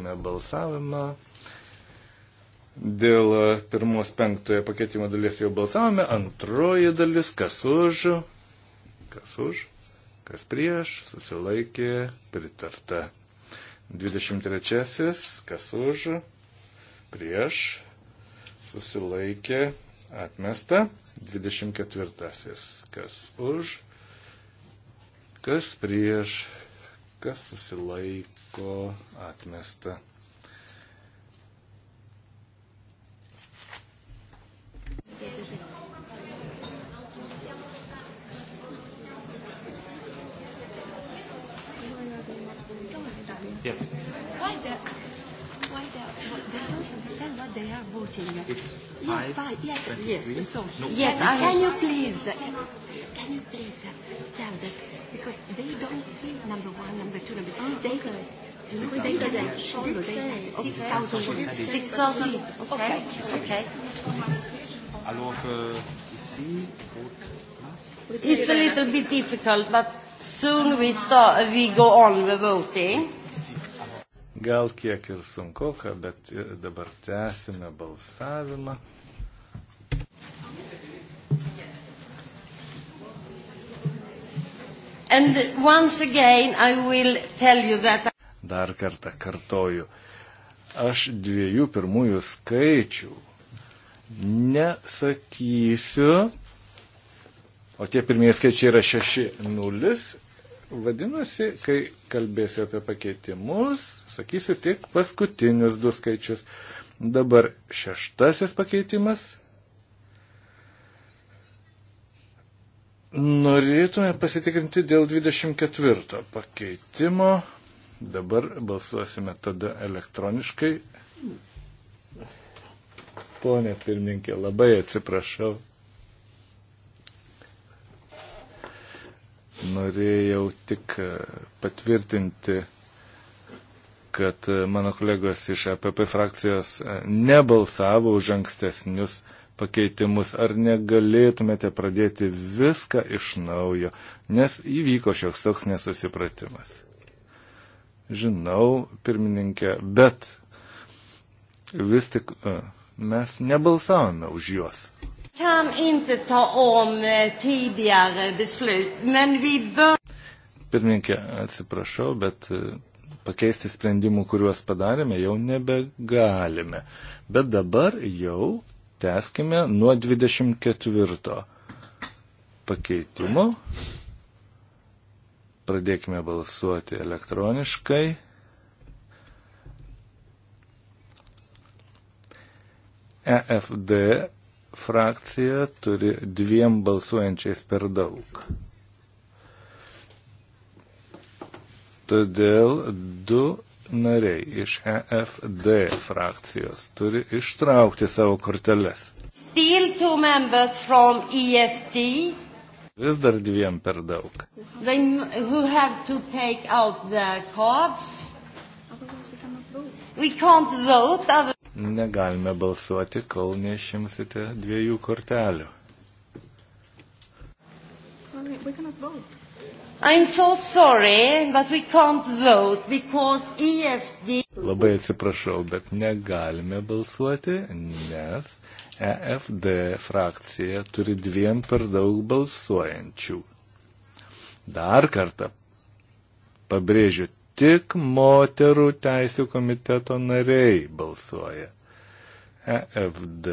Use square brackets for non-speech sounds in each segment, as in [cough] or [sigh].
Pradėkime balsavimą. Dėl pirmos penktojo pakeitimo dalies jau balsavome. Antroji dalis, kas už, kas už, kas prieš, susilaikė, pritarta. 23. kas už, prieš, susilaikė, atmesta. 24. kas už, kas prieš, kas susilaiko atmesta. Yes. they are voting. It's yes, five, yes, 23? yes. So, no, yes, no. can you please, uh, can you please uh, tell that because they don't see number one, number two, number three. Oh, they could. No, they don't. Six thousand. Six thousand. Okay. Okay. Alors que euh, ici, It's a little bit difficult, but soon we start. We go on the voting. Gal kiek ir sunku, bet dabar tęsime balsavimą. Again, that... Dar kartą kartoju, aš dviejų pirmųjų skaičių nesakysiu, o tie pirmieji skaičiai yra 6-0 Vadinasi, kai kalbėsiu apie pakeitimus, sakysiu tik paskutinius du skaičius. Dabar šeštasis pakeitimas. Norėtume pasitikrinti dėl 24 pakeitimo. Dabar balsuosime tada elektroniškai. Pone pirmininkė, labai atsiprašau. Norėjau tik e, patvirtinti, kad e, mano kolegos iš APP frakcijos e, nebalsavo už ankstesnius pakeitimus. Ar negalėtumėte pradėti viską iš naujo, nes įvyko šioks toks nesusipratimas. Žinau, pirmininkė, bet vis tik mes nebalsavome už juos kan inte ta om eh, tidigare beslut, men vi bör. Pirmininkė, atsiprašau, bet eh, pakeisti sprendimų, kuriuos padarėme, jau nebegalime. Bet dabar jau teskime nuo 24 pakeitimo. Pradėkime balsuoti elektroniškai. EFD frakcija turi dviem balsuojančiais per daug. Todėl du nariai iš EFD frakcijos turi ištraukti savo korteles. E Vis dar dviem per daug. Then who have to take out their cards? We can't vote. Negalime balsuoti, kol neišimsite dviejų kortelių. So sorry, EFD... E Labai atsiprašau, bet negalime balsuoti, nes EFD frakcija turi dviem per daug balsuojančių. Dar kartą pabrėžiu, tik moterų teisų komiteto nariai balsuoja. EFD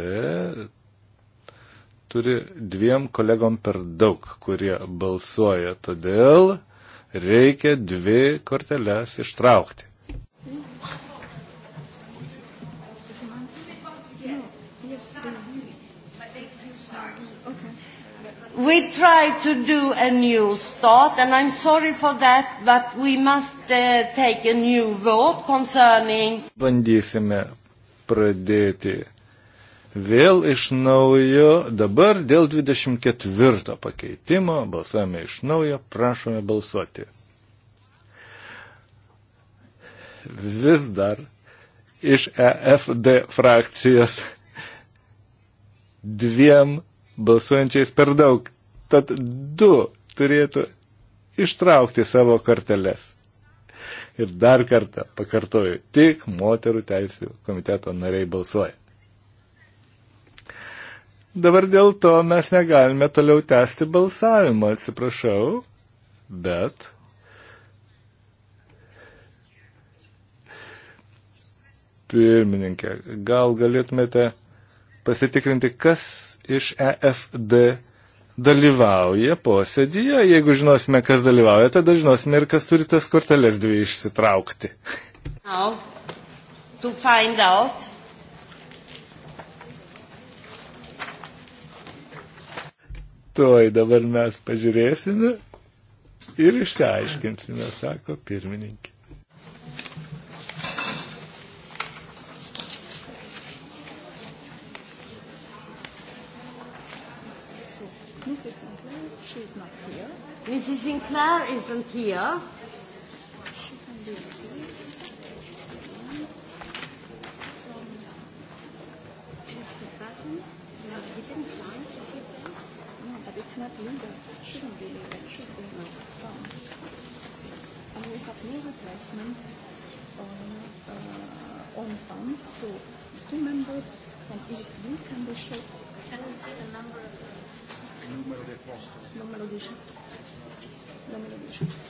turi dviem kolegom per daug, kurie balsuoja, todėl reikia dvi korteles ištraukti. We try to do a new start, and I'm sorry for that, but we must uh, take a new vote concerning. Bandysime pradėti vėl iš naujo. Dabar dėl 24 pakeitimo balsuojame iš naujo, prašome balsuoti. Vis dar iš EFD frakcijos dviem balsuojančiais per daug. Tad du turėtų ištraukti savo korteles. Ir dar kartą pakartoju, tik moterų teisų komiteto nariai balsuoja. Dabar dėl to mes negalime toliau tęsti balsavimą, atsiprašau, bet pirmininkė, gal galėtumėte pasitikrinti, kas iš EFD dalyvauja posėdyje. Jeigu žinosime, kas dalyvauja, tada žinosime ir kas turi tas korteles dvi išsitraukti. Now, to find out. Tuoj dabar mes pažiūrėsime ir išsiaiškinsime, sako pirmininkė. Mrs. Sinclair isn't here. not legal. It shouldn't be legal. It uh, should be found. And we have no replacement on, uh, on fund. So two members from each group can be short. Can we see the number of the... Numero dei posti. Numero di shifts.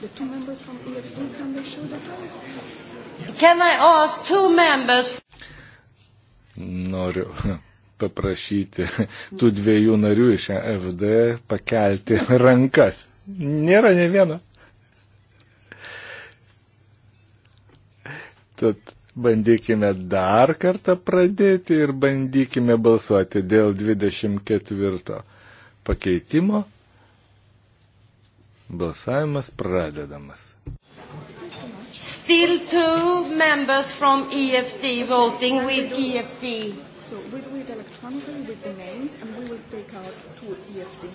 The two members from EFD, can they show the house? Can I ask two members? Noriu [laughs] paprašyti tų dviejų narių iš EFD pakelti [laughs] rankas. Nėra ne vieno. Tad bandykime dar kartą pradėti ir bandykime balsuoti dėl 24 pakeitimo. Balsavimas pradedamas. Still two members from EFD voting with EFD. So we do it electronically with the names and we will take out two EFD.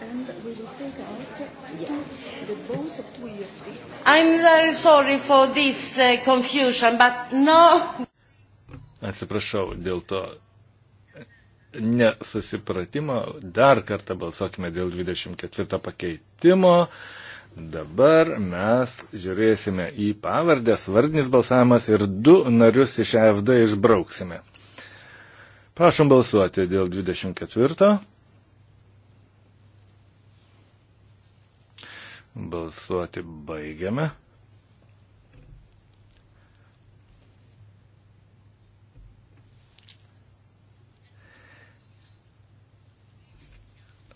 And we will take out two, the votes of two EFD. I'm very sorry for this uh, confusion, but no. Atsiprašau dėl to nesusipratimą, dar kartą balsuokime dėl 24 pakeitimo. Dabar mes žiūrėsime į pavardės, vardinis balsavimas ir du narius iš AFD išbrauksime. Prašom balsuoti dėl 24. Balsuoti baigiame.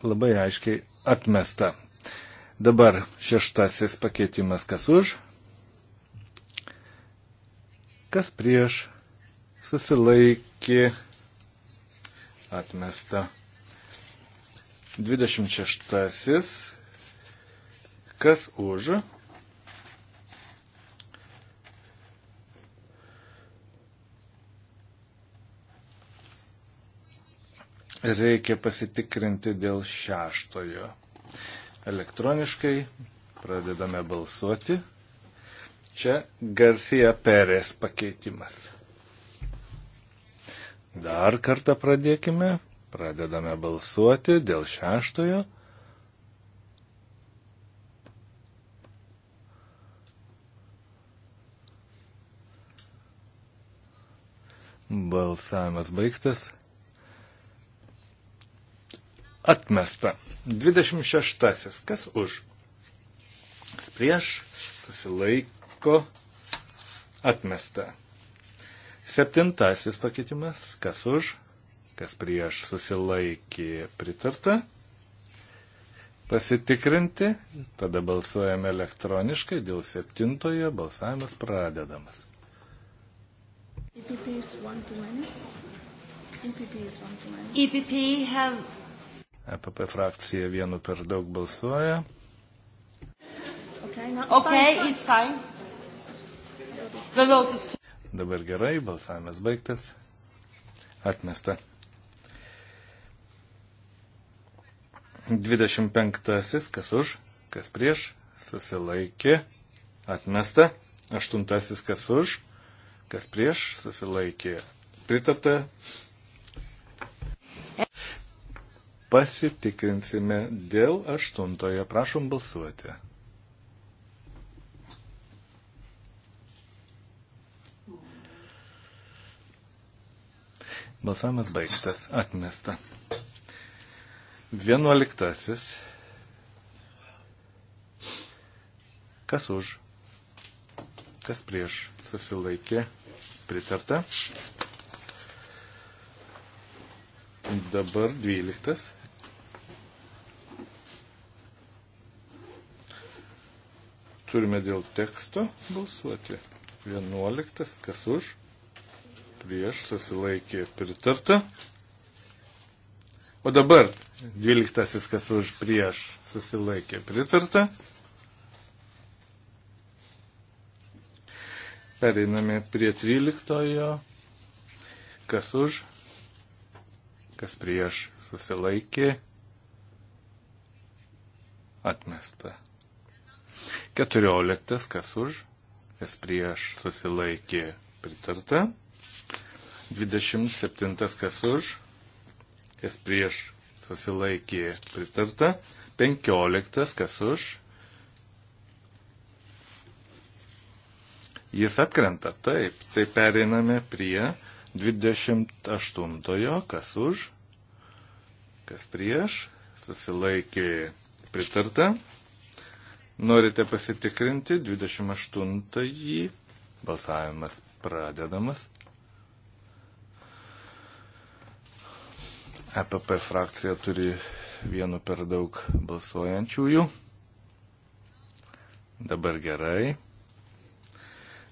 labai aiškiai atmesta. Dabar šeštasis pakeitimas kas už, kas prieš, susilaikė, atmesta. 26. Kas už, reikia pasitikrinti dėl šeštojo. Elektroniškai pradedame balsuoti. Čia Garcia Perės pakeitimas. Dar kartą pradėkime. Pradedame balsuoti dėl šeštojo. Balsavimas baigtas atmesta. 26. Kas už? Kas prieš? Susilaiko atmesta. Septintasis pakeitimas. Kas už? Kas prieš? Susilaikė pritarta. Pasitikrinti. Tada balsuojame elektroniškai. Dėl septintojo balsavimas pradedamas. EPP is one too many. EPP is one too many. EPP have EPP frakcija vienu per daug balsuoja. Dabar gerai, balsavimas baigtas. Atmesta. 25. Kas už, kas prieš, susilaikė. Atmesta. 8. Kas už, kas prieš, susilaikė. Pritarta pasitikrinsime dėl aštuntojo. Prašom balsuoti. Balsavimas baigtas, atmesta. Vienuoliktasis. Kas už? Kas prieš? Susilaikė. Pritarta. Dabar dvyliktas. Turime dėl teksto balsuoti. 11. Kas už? Prieš susilaikė pritarta. O dabar 12. Kas už? Prieš susilaikė pritarta. Pereiname prie 13. Kas už? Kas prieš susilaikė? Atmesta. 14. Kas už, kas prieš susilaikė pritarta. 27. Kas už, kas prieš susilaikė pritarta. 15. Kas už. Jis atkrenta, taip. Tai pereiname prie 28. Kas už, kas prieš susilaikė pritarta. Norite pasitikrinti 28-ąjį. Balsavimas pradedamas. EPP frakcija turi vienu per daug balsuojančiųjų. Dabar gerai.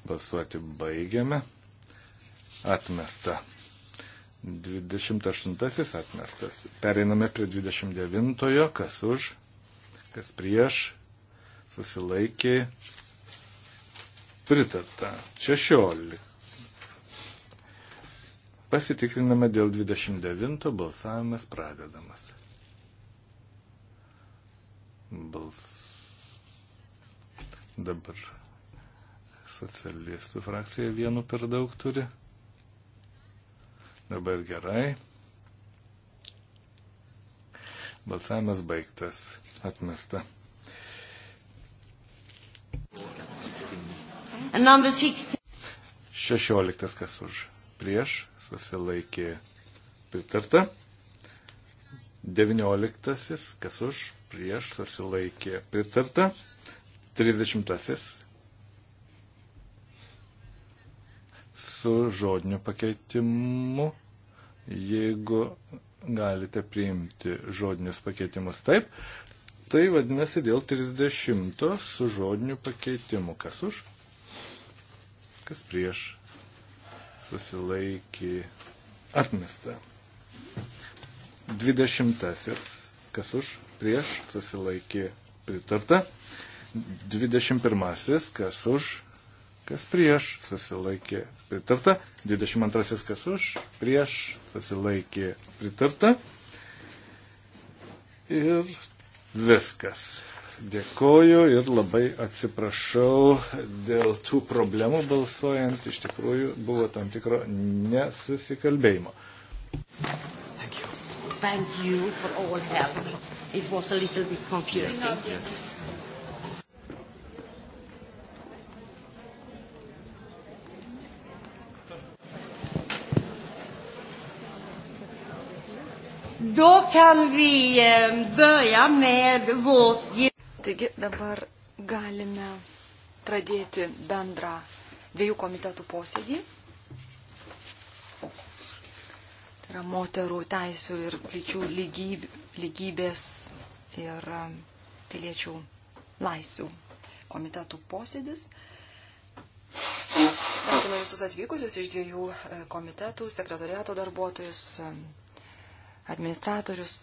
Balsuoti baigiame. Atmesta. 28 atmestas. Pereiname prie 29, kas už, kas prieš, susilaikė pritarta. 16. Pasitikriname dėl 29 balsavimas pradedamas. Bals. Dabar socialistų frakcija vienu per daug turi. Dabar gerai. Balsavimas baigtas. Atmesta. 16 kas už prieš susilaikė pritarta. 19 kas už prieš susilaikė pritarta. 30 su žodiniu pakeitimu, jeigu galite priimti žodinius pakeitimus taip, tai vadinasi dėl 30 su žodiniu pakeitimu. Kas už? kas prieš susilaikė atmesta. Dvidešimtasis, kas už, prieš susilaikė pritarta. Dvidešimt pirmasis, kas už, kas prieš susilaikė pritarta. Dvidešimt antrasis, kas už, prieš susilaikė pritarta. Ir viskas. Dėkoju ir labai atsiprašau dėl tų problemų balsuojant, iš tikrųjų buvo tam tikro nesusikalbėjimo. Thank you. Thank you for all help. It was a little bit confusing. Yes. Då kan vi eh, börja med vårt Taigi dabar galime pradėti bendrą dviejų komitetų posėdį. Tai yra moterų teisų ir lyčių lygyb, lygybės ir um, piliečių laisvių komitetų posėdis. Sveikinu visus atvykusius iš dviejų e, komitetų, sekretoriato darbuotojus, um, administratorius,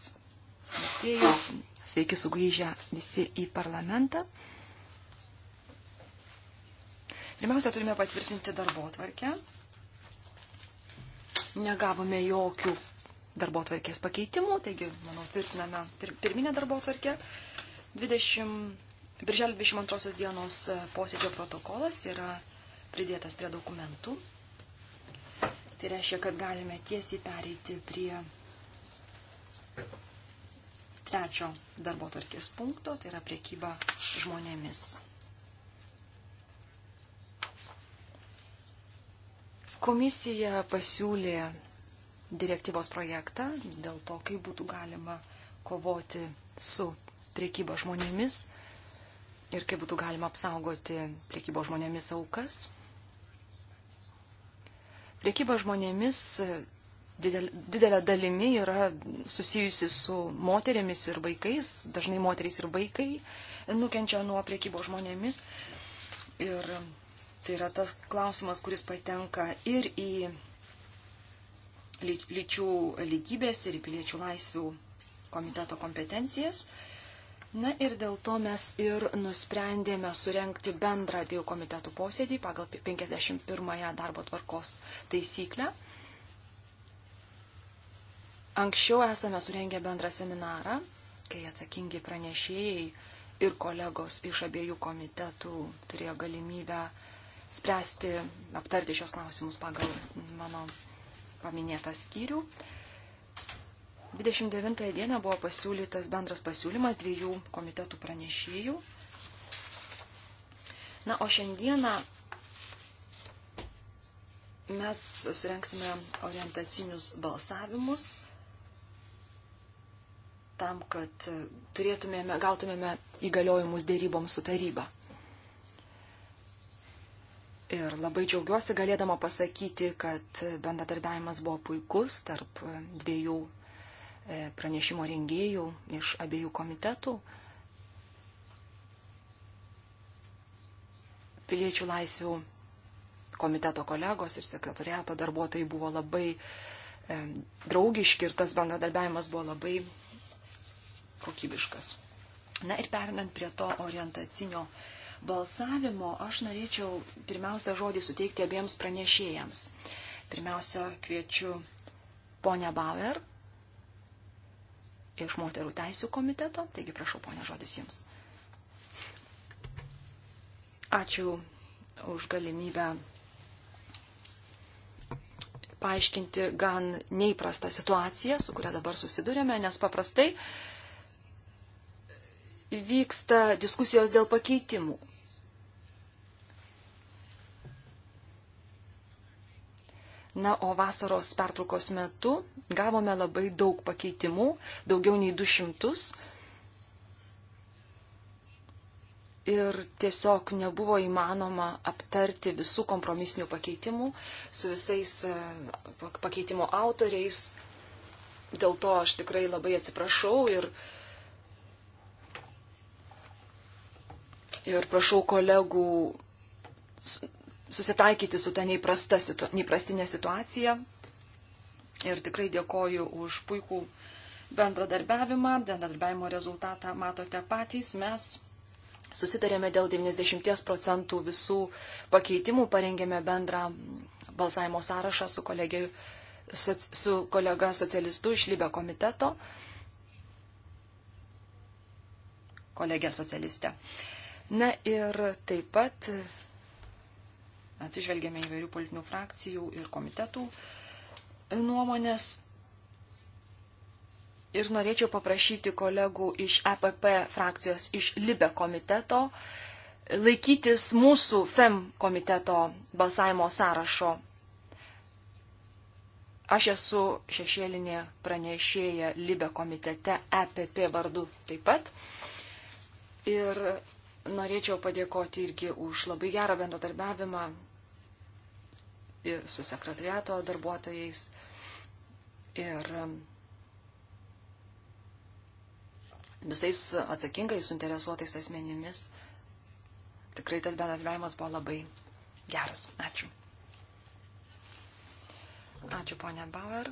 vertėjus Sveiki sugrįžę visi į parlamentą. Pirmiausia, turime patvirtinti darbo tvarkę. Negavome jokių darbo tvarkės pakeitimų, taigi, manau, tvirtiname pir pirminę darbo tvarkę. 20, Birželio 22 dienos e, posėdžio protokolas yra pridėtas prie dokumentų. Tai reiškia, kad galime tiesiai pereiti prie trečio darbo tarkės punkto, tai yra priekyba žmonėmis. Komisija pasiūlė direktyvos projektą dėl to, kaip būtų galima kovoti su priekyba žmonėmis ir kaip būtų galima apsaugoti priekybo žmonėmis aukas. Priekyba žmonėmis didel, didelė dalimi yra susijusi su moterėmis ir vaikais, dažnai moterys ir vaikai nukenčia nuo priekybo žmonėmis. Ir tai yra tas klausimas, kuris patenka ir į lyčių lygybės, ir į piliečių laisvių komiteto kompetencijas. Na ir dėl to mes ir nusprendėme surenkti bendrą dviejų komitetų posėdį pagal 51 darbo tvarkos taisyklę. Anksčiau esame surengę bendrą seminarą, kai atsakingi pranešėjai ir kolegos iš abiejų komitetų turėjo galimybę spręsti, aptarti šios klausimus pagal mano paminėtą skyrių. 29 dieną buvo pasiūlytas bendras pasiūlymas dviejų komitetų pranešėjų. Na, o šiandieną mes surenksime orientacinius balsavimus tam, kad turėtumėme, gautumėme įgaliojimus dėryboms su taryba. Ir labai džiaugiuosi galėdama pasakyti, kad bendradarbiavimas buvo puikus tarp dviejų e, pranešimo rengėjų iš abiejų komitetų. Piliečių laisvių komiteto kolegos ir sekretariato darbuotojai buvo labai e, draugiški ir tas bendradarbiavimas buvo labai kokybiškas. Na ir perinant prie to orientacinio balsavimo, aš norėčiau pirmiausia žodį suteikti abiems pranešėjams. Pirmiausia, kviečiu ponę Bauer iš moterų teisų komiteto, taigi prašau, ponė, žodis jums. Ačiū už galimybę paaiškinti gan neįprastą situaciją, su kuria dabar susidurėme, nes paprastai uh, vyksta diskusijos dėl pakeitimų. Na, o vasaros pertraukos metu gavome labai daug pakeitimų, daugiau nei 200. Ir tiesiog nebuvo įmanoma aptarti visų kompromisinių pakeitimų su visais e, pakeitimo autoriais. Dėl to aš tikrai labai atsiprašau ir uh, ir prašau kolegų susitaikyti su tą situ, neįprastinę situaciją. Ir tikrai dėkoju už puikų bendradarbiavimą. Bendradarbiavimo rezultatą matote patys. Mes susitarėme dėl 90 procentų visų pakeitimų, parengėme bendrą balsavimo sąrašą su, kolegė, su, su kolega socialistu iš Libė komiteto. Kolegė socialiste. Uh, Na ir taip pat atsižvelgėme įvairių politinių frakcijų ir komitetų nuomonės. Ir norėčiau paprašyti kolegų iš EPP frakcijos, iš LIBE komiteto, laikytis mūsų FEM komiteto balsavimo sąrašo. Aš esu šešėlinė pranešėja LIBE komitete EPP vardu taip pat. Ir norėčiau padėkoti irgi už labai gerą bendradarbiavimą su sekretariato darbuotojais. Ir um, visais atsakingais, suinteresuotais asmenimis. Tikrai tas bendradarbiavimas buvo labai geras. Ačiū. Ačiū, ponė Bauer.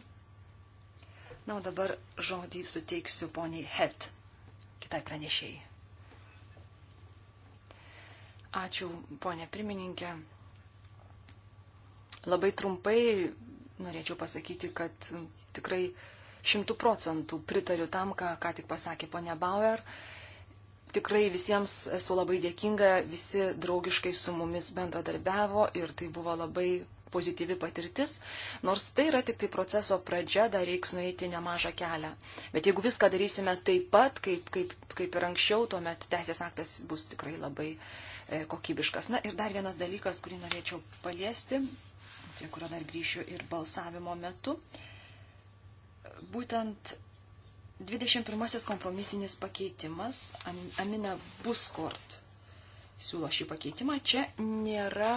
Na, o dabar žodį suteiksiu poniai Het, kitai pranešėjai. Ačiū, ponė pirmininkė. Labai trumpai norėčiau pasakyti, kad tikrai šimtų procentų pritariu tam, ką, ką tik pasakė ponė Bauer. Tikrai visiems esu labai dėkinga, visi draugiškai su mumis bendradarbiavo ir tai buvo labai pozityvi patirtis, nors tai yra tik tai proceso pradžia, dar reiks nueiti nemažą kelią. Bet jeigu viską darysime taip pat, kaip, kaip, kaip ir anksčiau, tuomet teisės aktas bus tikrai labai uh, E, kokybiškas. Na ir dar vienas dalykas, kurį norėčiau paliesti, prie kurio dar grįšiu ir balsavimo metu. Būtent 21 kompromisinis pakeitimas, Amina Buskort siūlo šį pakeitimą, čia nėra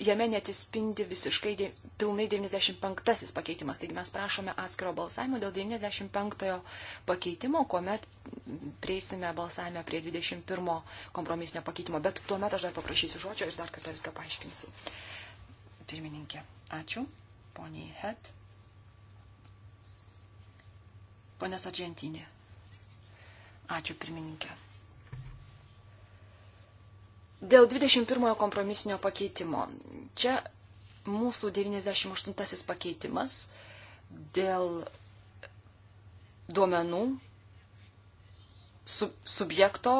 jame netispindi visiškai de, pilnai 95 pakeitimas. Taigi mes prašome atskiro balsavimo dėl 95 pakeitimo, kuomet prieisime balsavime prie 21 kompromisinio pakeitimo. Bet tuomet aš dar paprašysiu žodžio ir dar kartą viską paaiškinsiu. Pirmininkė, ačiū. Poniai Het. Ponės Argentinė. Ačiū, pirmininkė. Dėl 21 kompromisinio pakeitimo. Čia mūsų 98 pakeitimas dėl duomenų sub subjekto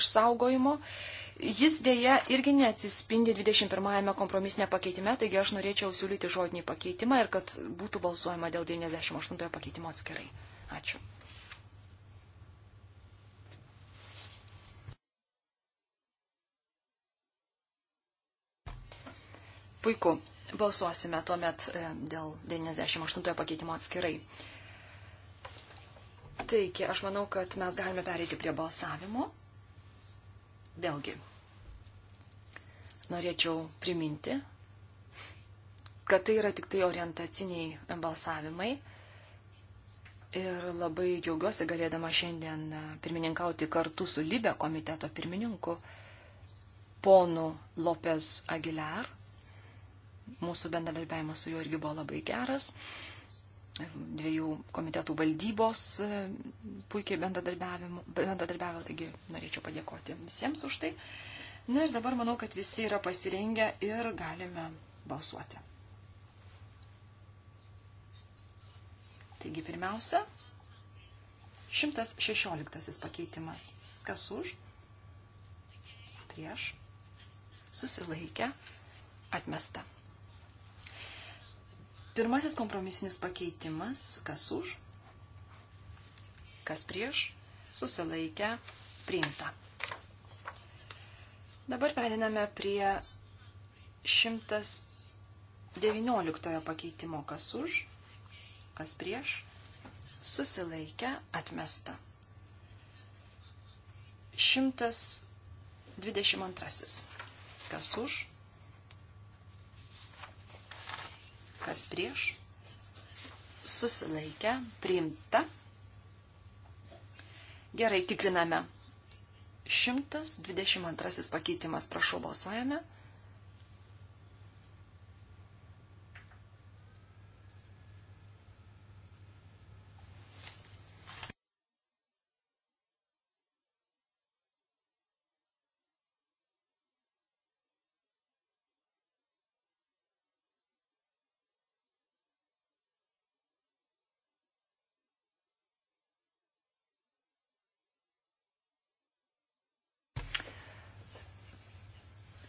išsaugojimo. Jis dėja irgi neatsispindi 21 kompromisinė pakeitime, taigi aš norėčiau siūlyti žodinį pakeitimą ir kad būtų balsuojama dėl 98 pakeitimo atskirai. Ačiū. Puiku, balsuosime tuomet e, dėl 98 pakeitimo atskirai. Taigi, aš manau, kad mes galime pereiti prie balsavimo. Vėlgi, norėčiau priminti, kad tai yra tik tai orientaciniai balsavimai. Ir labai džiaugiuosi galėdama šiandien e, pirmininkauti kartu su Libė komiteto pirmininku, ponu Lopez Aguilar mūsų bendradarbiavimas su juo irgi buvo labai geras. Dviejų komitetų valdybos e, puikiai bendradarbiavo, taigi norėčiau padėkoti visiems už tai. Na ir dabar manau, kad visi yra pasirengę ir galime balsuoti. Taigi pirmiausia, 116 pakeitimas. Kas už? Prieš. Susilaikę. Atmesta. Pirmasis kompromisinis pakeitimas, kas už, kas prieš, susilaikę, priimta. Dabar periname prie 119 pakeitimo, kas už, kas prieš, susilaikę, atmesta. 122. Kas už, kas prieš, susilaikę, priimta. Gerai, tikriname. 122 pakeitimas, prašau, balsuojame.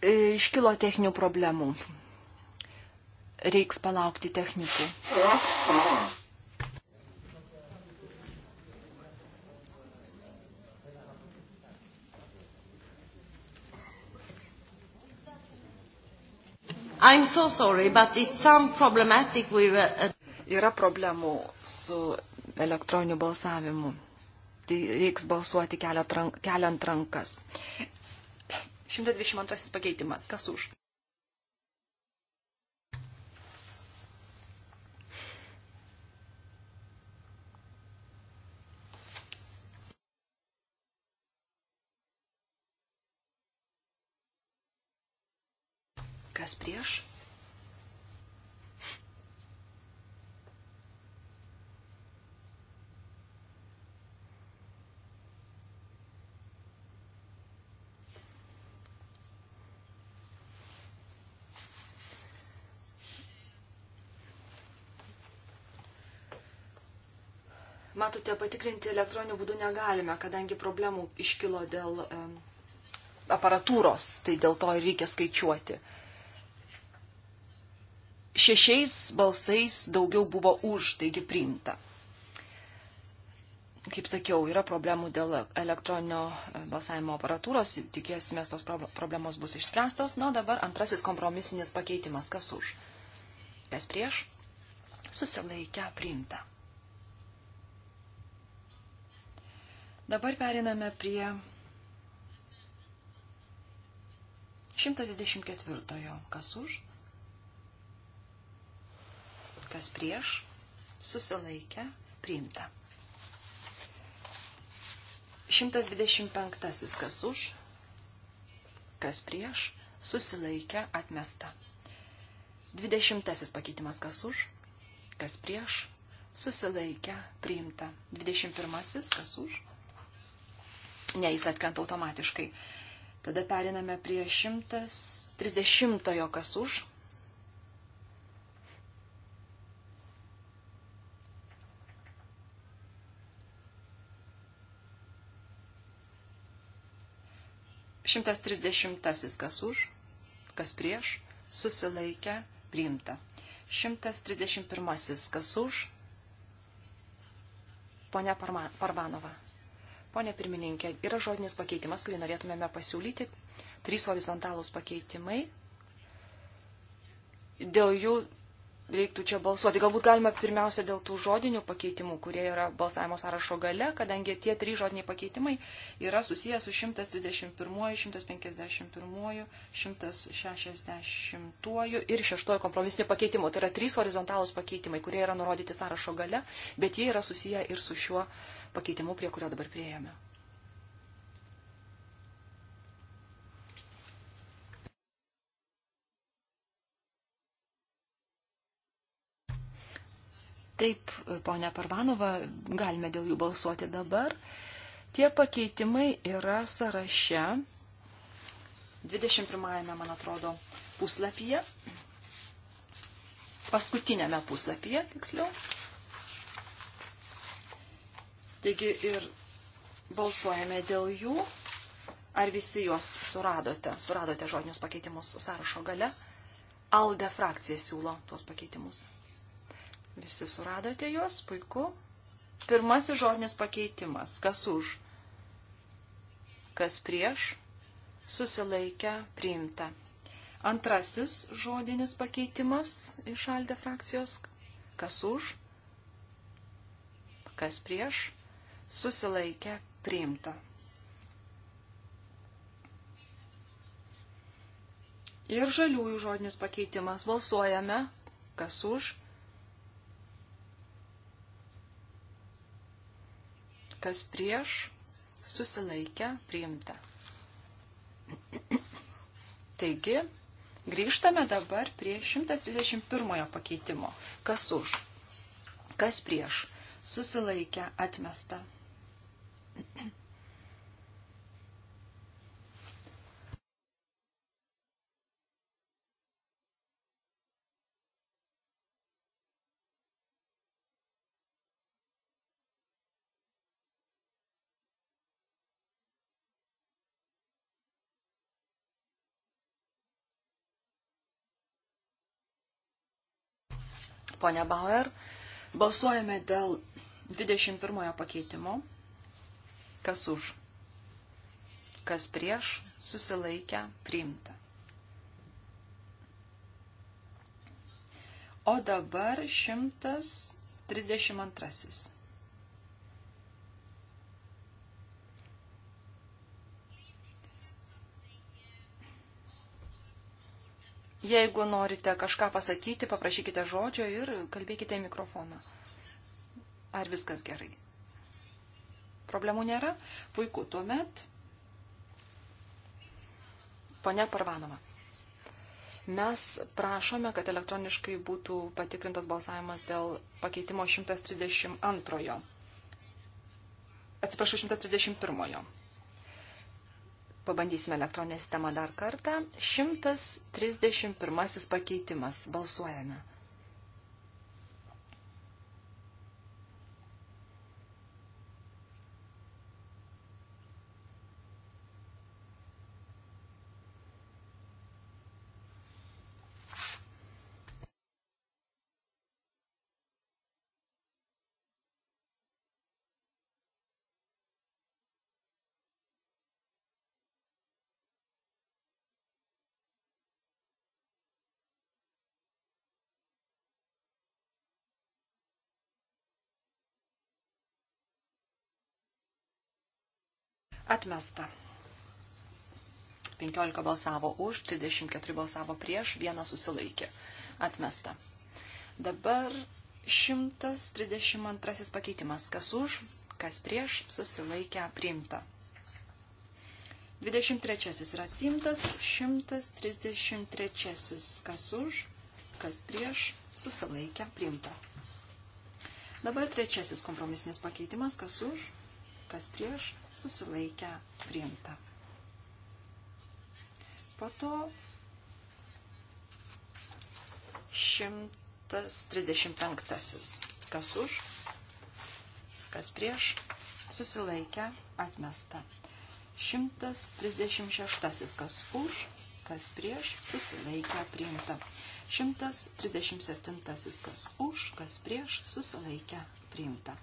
iškilo techninių problemų. Reiks palaukti technikų. I'm so sorry, but it's some problematic we were... Uh, Yra problemų su elektroniniu balsavimu. Tai reiks balsuoti keliant rankas. 122 pakeitimas. Kas už? Kas prieš? matote, patikrinti elektroniniu būdu negalime, kadangi problemų iškilo dėl aparatūros, tai dėl to ir reikia skaičiuoti. Šešiais balsais daugiau buvo už, taigi priimta. Kaip sakiau, yra problemų dėl elektroninio balsavimo aparatūros, tikėsime, tos problemos bus išspręstos. Na, nu, dabar antrasis kompromisinis pakeitimas, kas už, kas prieš, susilaikę priimta. Dabar periname prie 124. Kas už? Kas prieš? Susilaikę priimta. 125. Kas už? Kas prieš? Susilaikę atmesta. 20. pakeitimas kas už? Kas prieš? Susilaikę priimta. 21. Kas už? Ne, jis atkrenta automatiškai. Tada periname prie 130 kas už. Šimtas trisdešimtasis kas už, kas prieš, susilaikę, priimta. Šimtas trisdešimt pirmasis kas už, ponia Parmanova. Pone pirmininkė, yra žodinis pakeitimas, kurį norėtumėme pasiūlyti. Trys horizontalūs pakeitimai. Dėl jų reiktų čia balsuoti. Galbūt galima pirmiausia dėl tų žodinių pakeitimų, kurie yra balsavimo sąrašo gale, kadangi tie trys žodiniai pakeitimai yra susijęs su 121, 151, 160 ir 6 kompromisiniu pakeitimu. Tai yra trys horizontalūs pakeitimai, kurie yra nurodyti sąrašo gale, bet jie yra susiję ir su šiuo pakeitimu, prie kurio dabar prieėjome. Taip, ponia Parvanova, galime dėl jų balsuoti dabar. Tie pakeitimai yra sąraše 21, man atrodo, puslapyje. Paskutinėme puslapyje, tiksliau. Taigi ir balsuojame dėl jų. Ar visi juos suradote? Suradote žodinius pakeitimus sąrašo gale? Alde frakcija siūlo tuos pakeitimus. Visi suradote juos, puiku. Pirmasis žodinis pakeitimas. Kas už? Kas prieš? Susilaikę priimta. Antrasis žodinis pakeitimas išaldė frakcijos. Kas už? Kas prieš? Susilaikę priimta. Ir žaliųjų žodinis pakeitimas. Balsuojame. Kas už? kas prieš, susilaikę, priimta. Taigi, grįžtame dabar prie 131 pakeitimo. Kas už, kas prieš, susilaikę, atmesta. ponia Bauer. Balsuojame dėl 21 pakeitimo. Kas už? Kas prieš? Susilaikę priimta. O dabar 132. Jeigu norite kažką pasakyti, paprašykite žodžio ir kalbėkite į mikrofoną. Ar viskas gerai? Problemų nėra? Puiku, tuomet. Pone Parvanova. Mes prašome, kad elektroniškai būtų patikrintas balsavimas dėl pakeitimo 132. Atsiprašau, 131. Pabandysime elektroninę sistemą dar kartą. 131 pakeitimas. Balsuojame. Atmesta. 15 balsavo už, 34 balsavo prieš, vienas susilaikė. Atmesta. Dabar 132 pakeitimas. Kas už, kas prieš, susilaikę priimta. 23 yra atsimtas, 133 kas už, kas prieš, susilaikę priimta. Dabar trečiasis kompromisinis pakeitimas, kas už, kas prieš, susilaikę, priimta. Po to 135. Kas už, kas prieš, susilaikę, atmesta. 136. Kas už, kas prieš, susilaikę, priimta. 137. Kas už, kas prieš, susilaikę, priimta.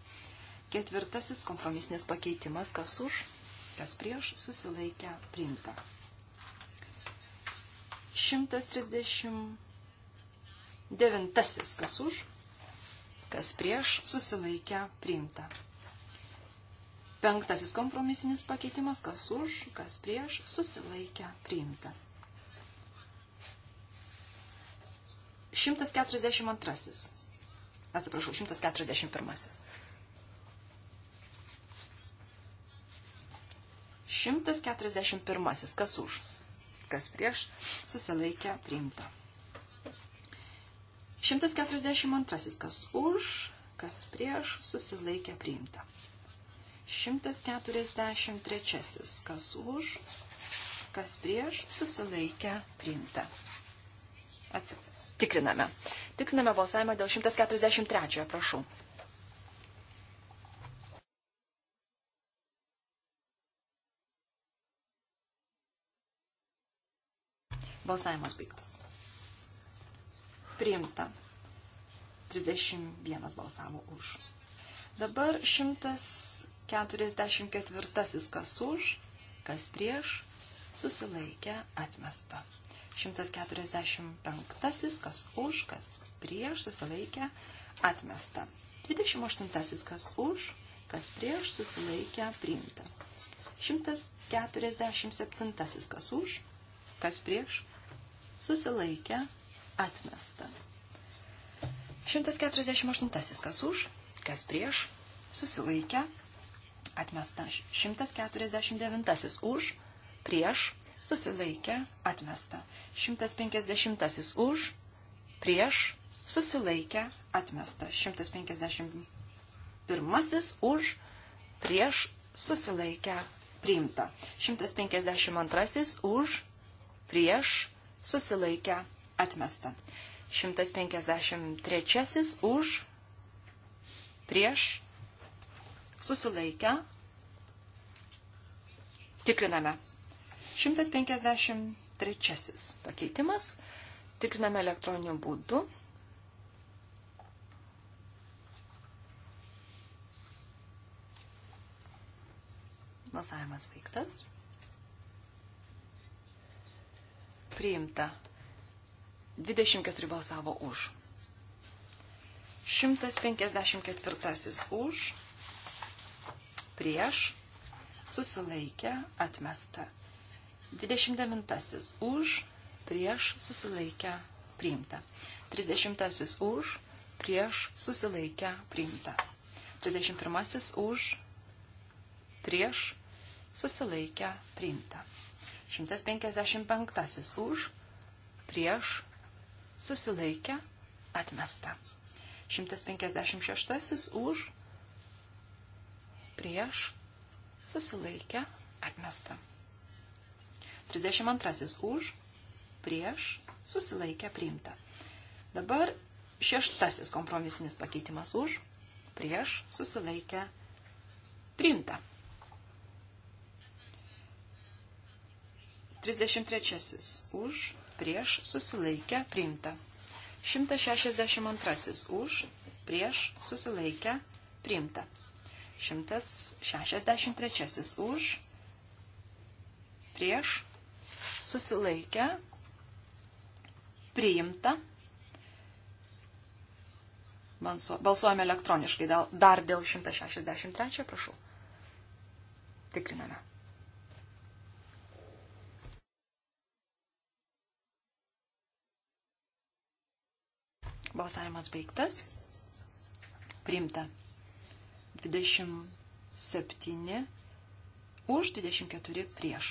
Ketvirtasis kompromisinis pakeitimas, kas už, kas prieš, susilaikę, priimta. 139. Kas už, kas prieš, susilaikę, priimta. Penktasis kompromisinis pakeitimas, kas už, kas prieš, susilaikę, priimta. 142. Atsiprašau, 141. 141. Kas už? Kas prieš? Susilaikė priimta. 142. Kas už? Kas prieš? Susilaikė priimta. 143. Kas už? Kas prieš? Susilaikė priimta. Atsiprašau. Tikriname. Tikriname balsavimą dėl 143. Prašau. Balsavimas baigtas. Priimta. 31 balsavo už. Dabar 144 kas už, kas prieš, susilaikė atmesta. 145 kas už, kas prieš, susilaikė atmesta. 28 kas už, kas prieš, susilaikė priimta. 147 kas už, kas prieš, susilaikė, atmesta. 148. Kas už, kas prieš, susilaikė, atmesta. 149. Už, prieš, susilaikė, atmesta. 150. Už, prieš, susilaikė, atmesta. 151. Už, prieš, susilaikė, priimta. 152. Už, prieš, susilaikę, atmesta. 153 už, prieš, susilaikę, tikriname. 153 pakeitimas, tikriname elektroniniu būdu. Balsavimas baigtas. priimta. 24 balsavo už. 154 už, prieš, susilaikė, atmesta. 29 už, prieš, susilaikė, priimta. 30 už, prieš, susilaikė, priimta. 31 už, prieš, susilaikę priimta. 155 už, prieš, susilaikę, atmesta. 156 už, prieš, susilaikę, atmesta. 32 už, prieš, susilaikę, priimta. Dabar šeštasis kompromisinis pakeitimas už, prieš, susilaikę, priimta. 33 už, prieš susilaikę priimta. 162 už, prieš susilaikę priimta. 163 už, prieš susilaikę priimta. Balsuojame elektroniškai dar dėl 163, prašau. Tikriname. Balsavimas baigtas. Priimta. 27 už, 24 prieš.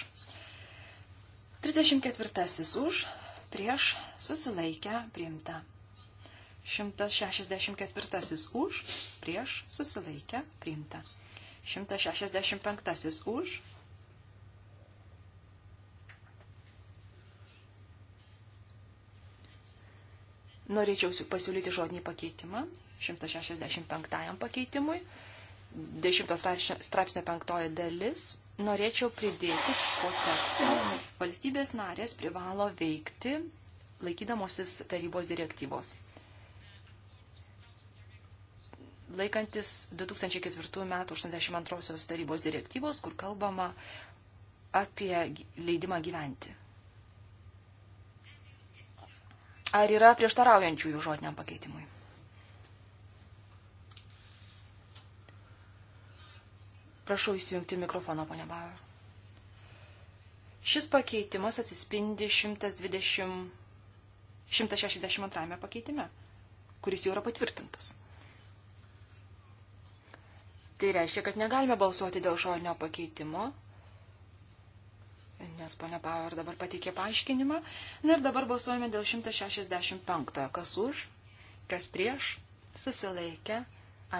34 už, prieš, susilaikę, priimta. 164 už, prieš, susilaikę, priimta. 165 už, Norėčiau pasiūlyti žodinį pakeitimą 165 pakeitimui. 10 straipsnio 5 dalis. Norėčiau pridėti po teksto. Valstybės narės privalo veikti laikydamosis tarybos direktyvos. Laikantis 2004 m. 82 tarybos direktyvos, kur kalbama apie leidimą gyventi. Ar yra prieštaraujančių jų žodiniam pakeitimui? Prašau įsijungti mikrofoną, ponia Bauer. Šis pakeitimas atsispindi 120, 162 pakeitime, kuris jau yra patvirtintas. Tai reiškia, kad negalime balsuoti dėl žodinio pakeitimo, nes ponia Bauer dabar pateikė paaiškinimą. Na ir dabar balsuojame dėl 165. Kas už, kas prieš, susilaikė,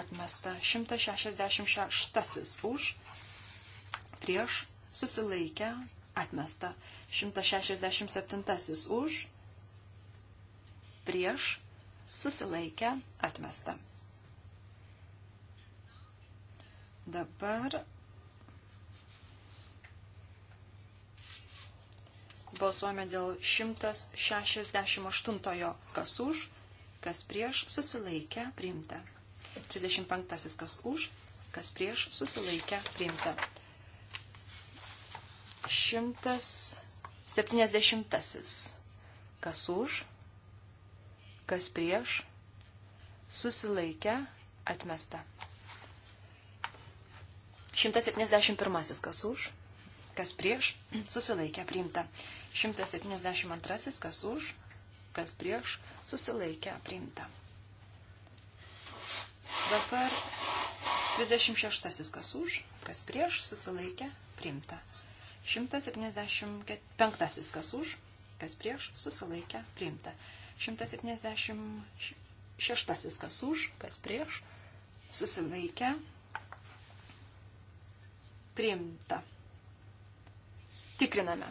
atmesta 166. Už, prieš, susilaikė, atmesta 167. Už, prieš, susilaikė, atmesta. Dabar Balsuojame dėl 168. Kas už, kas prieš, susilaikę, priimta. 35. Kas už, kas prieš, susilaikę, priimta. 170. Kas už, kas prieš, susilaikę, atmesta. 171. Kas už, kas prieš, susilaikę, priimta. 172, kas už, kas prieš, susilaikė priimta. Dabar 36, kas už, kas prieš, susilaikė priimta. 175, kas už, kas prieš, susilaikė priimta. 176, kas už, kas prieš, susilaikė priimta. Tikriname.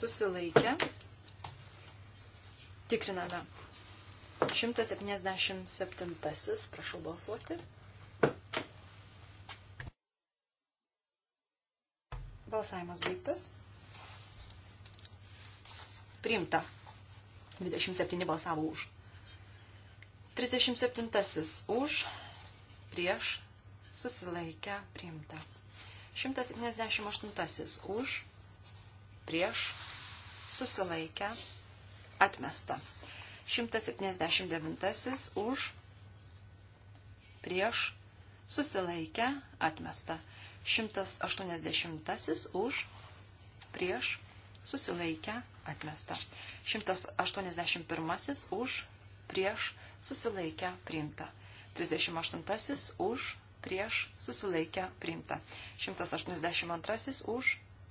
susilaikė. Tikriname. 177. Prašau balsuoti. Balsavimas baigtas. Priimta. 27 balsavo už. 37 už, prieš, susilaikę, priimta. 178 už, prieš, susilaikę, atmesta. 179 už, prieš, susilaikę, atmesta. 180 už, prieš, susilaikę, atmesta. 181 už, prieš, susilaikę, priimta. 38 už, prieš, susilaikę, priimta. 182 už,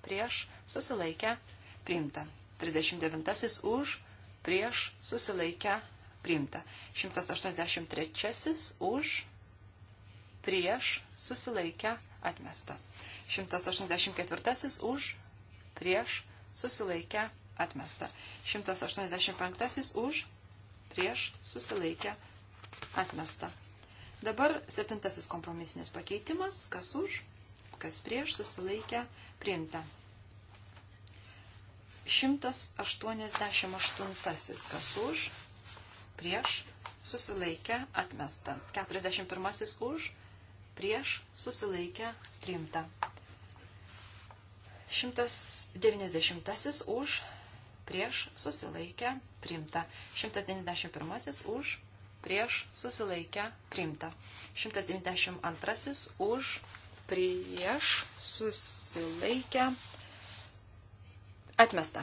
prieš, susilaikę, priimta. 39 už, prieš, susilaikę, priimta. 183 už, prieš, susilaikę, atmesta. 184 už, prieš, susilaikę, atmesta. 185 už, prieš, susilaikę, atmesta. Dabar septintasis kompromisinis pakeitimas, kas už, kas prieš, susilaikę, priimta. 188. Kas už, prieš, susilaikę, atmesta. 41. Už, prieš, susilaikę, priimta. 190. Už, prieš, susilaikę, priimta. 191. Už, prieš, susilaikę, priimta. 192. Už, prieš, susilaikę, priimta Atmesta.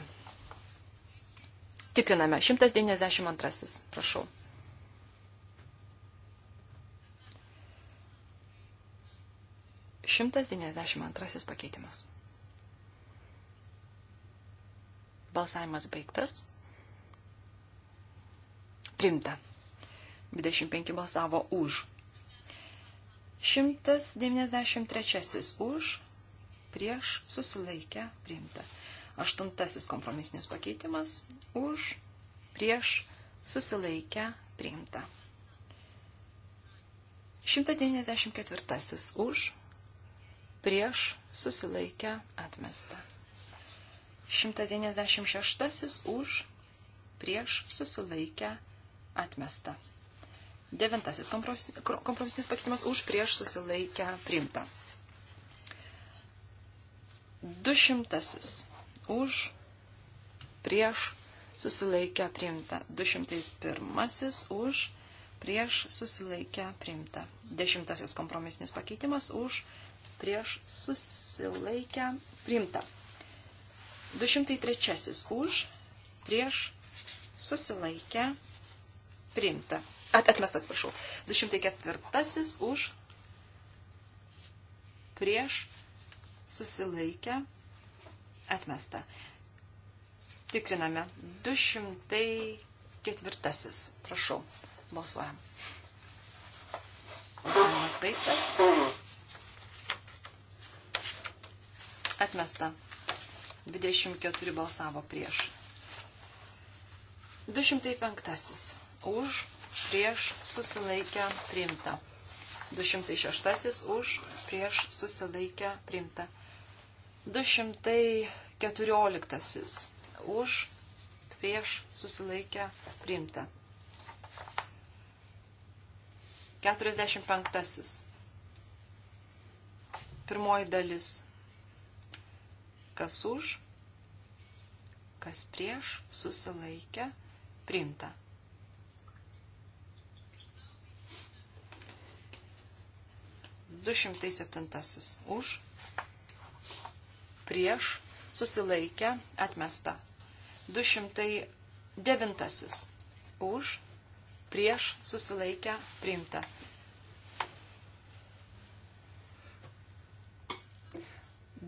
Tikriname. 192. Prašau. Šimtas devyniasdešimt antrasis pakeitimas. Balsavimas baigtas. Primta. 25 balsavo už. 193 už, prieš susilaikę priimta. Aštuntasis kompromisinis pakeitimas už, prieš, susilaikę, priimta. 194 už, prieš, susilaikę, atmesta. 196 už, prieš, susilaikę, atmesta. Devintasis kompromisinis pakeitimas už, prieš, susilaikę, priimta. 200 už, prieš, susilaikę priimta. 201 už, prieš, susilaikę priimta. 10 kompromisinis pakeitimas už, prieš, susilaikę priimta. 203 už, prieš, susilaikę priimta. At, atmesta, atsiprašau. 204 už, prieš, susilaikę priimta Atmesta. Tikriname. 204. Prašau. Balsuojam. Balsavimas baigtas. Atmesta. 24 balsavo prieš. 205. Už, prieš, susilaikę, priimta. 206. Už, prieš, susilaikę, priimta. 214. Už, prieš, susilaikę, priimta. 45. Pirmoji dalis. Kas už, kas prieš, susilaikę, priimta. Du šimtai septintasis. Už, prieš, susilaikę, atmesta. 209 už, prieš, susilaikę, priimta.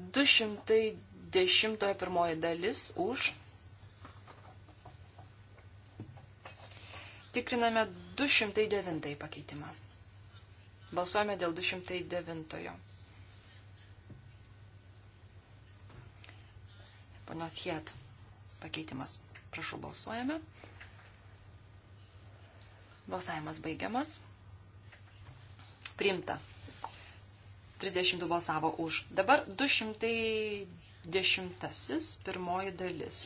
Du šimtai dešimtojo pirmoji dalis už. Tikriname 209 pakeitimą. Balsuojame dėl 209. Ponios Hiet pakeitimas. Prašau, balsuojame. Balsavimas baigiamas. Priimta. 32 balsavo už. Dabar 210. Pirmoji dalis.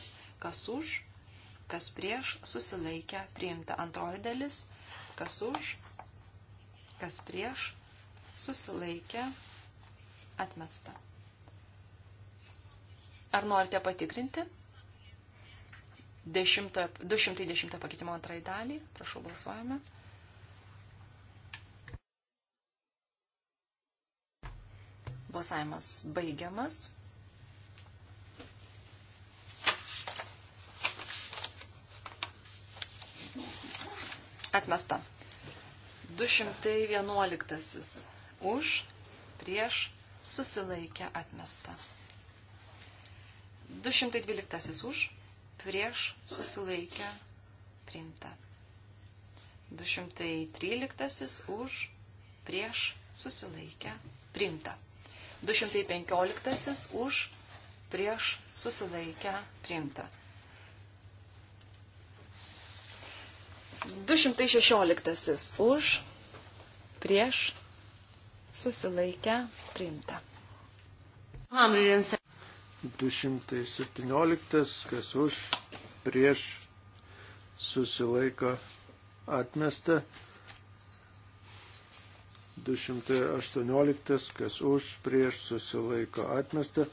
Kas už, kas prieš, susilaikę, priimta. Antroji dalis. Kas už, kas prieš, susilaikę, atmesta. Ar norite patikrinti? 10, 210 pakeitimo antrai dalį. Prašau, balsuojame. Balsavimas baigiamas. Atmesta. 211 už, prieš, susilaikę atmesta. 212 už, prieš susilaikę priimta. 213 už, prieš susilaikę priimta. 215 už, prieš susilaikę priimta. 216 už, prieš susilaikę priimta. 217, kas už, prieš, susilaiko atmesta. 218, kas už, prieš, susilaiko atmesta.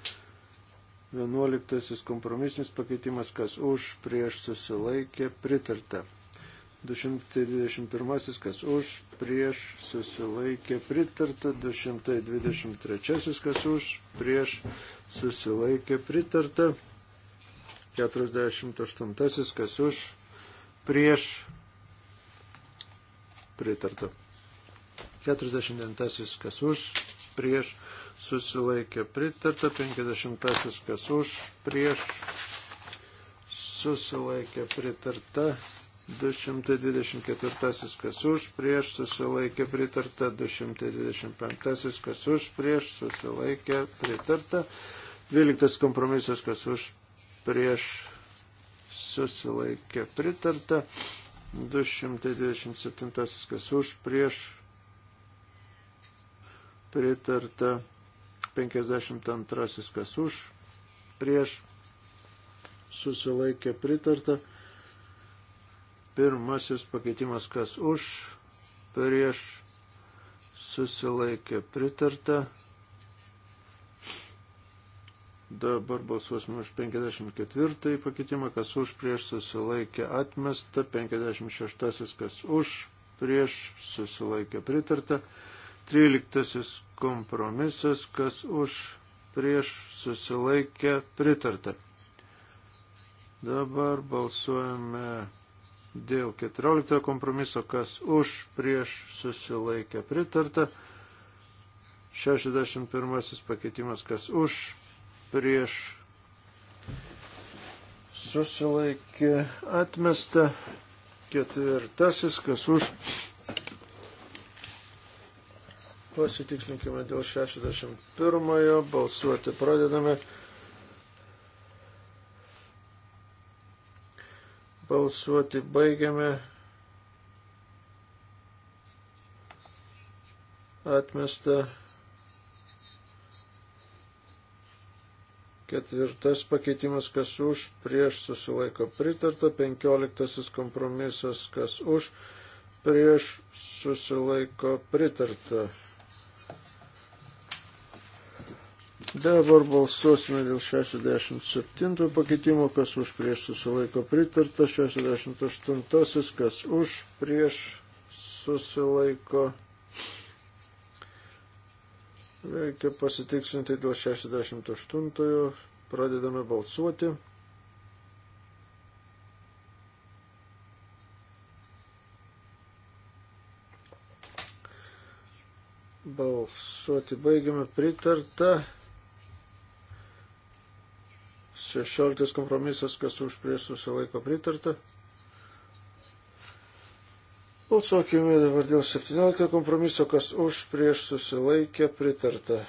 11 kompromisinis pakeitimas, kas už, prieš, susilaikė, pritarta. 221, kas už, prieš, susilaikė, pritarta. 223, kas už, prieš, susilaikė pritarta. 48 kas už, prieš pritarta. 49 kas už, prieš susilaikė pritarta. 50 kas už, prieš susilaikė pritarta. 224 kas už, prieš susilaikė pritarta, 225 kas už, prieš susilaikė pritarta, 12 kompromisas kas už, prieš susilaikė pritarta, 227 kas už, prieš pritarta, 52 kas už, prieš susilaikė pritarta. Pirmasis pakeitimas, kas už, prieš, susilaikė pritarta. Dabar balsuosime už 54 pakeitimą, kas už prieš susilaikė atmesta, 56 kas už prieš susilaikė pritarta, 13 kompromisas, kas už prieš susilaikė pritarta. Dabar balsuojame dėl 14 kompromiso, kas už, prieš, susilaikė, pritarta. 61 pakeitimas, kas už, prieš, susilaikė, atmesta. Ketvirtasis, kas už. Pasitikslinkime dėl 61. Balsuoti pradedame. Balsuoti baigiame. Atmesta Ketvirtas pakeitimas, kas už, prieš susilaiko pritarta. Penkioliktasis kompromisas, kas už, prieš susilaiko pritarta. Dabar balsuosime dėl 67 pakeitimo, kas už prieš susilaiko pritarta, 68, kas už prieš susilaiko. Reikia pasitiksinti dėl 68, pradedame balsuoti. Balsuoti baigiame pritarta. 16 kompromisas, kas už prieš susilaiko pritarta. Balsuokime dabar dėl 17 kompromiso, kas už prieš susilaikė pritarta.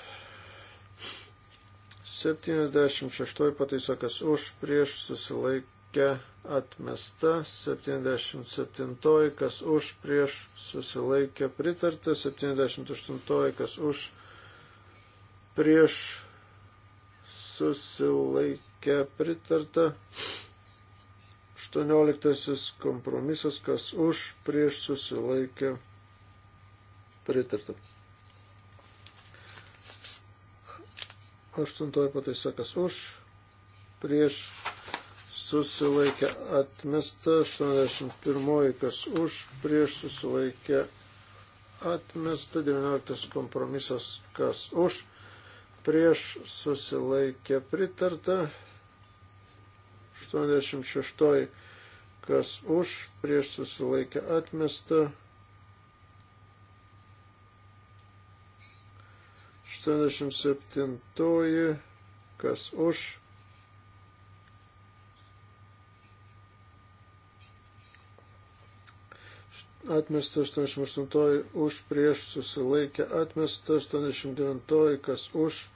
76 pataisa, kas už prieš susilaikė atmesta. 77, kas už prieš susilaikė pritarta. 78, kas už prieš susilaikė susilaikė pritarta. 18 kompromisas, kas už, prieš susilaikė pritarta. 8 pataisa, kas už, prieš susilaikė atmesta, 81 kas už, prieš susilaikė atmesta, 19 kompromisas kas už, prieš susilaikė pritarta, 86 kas už, prieš susilaikę atmestą. 87 kas už. Atmesta 88 už prieš susilaikę, atmesta 89 kas už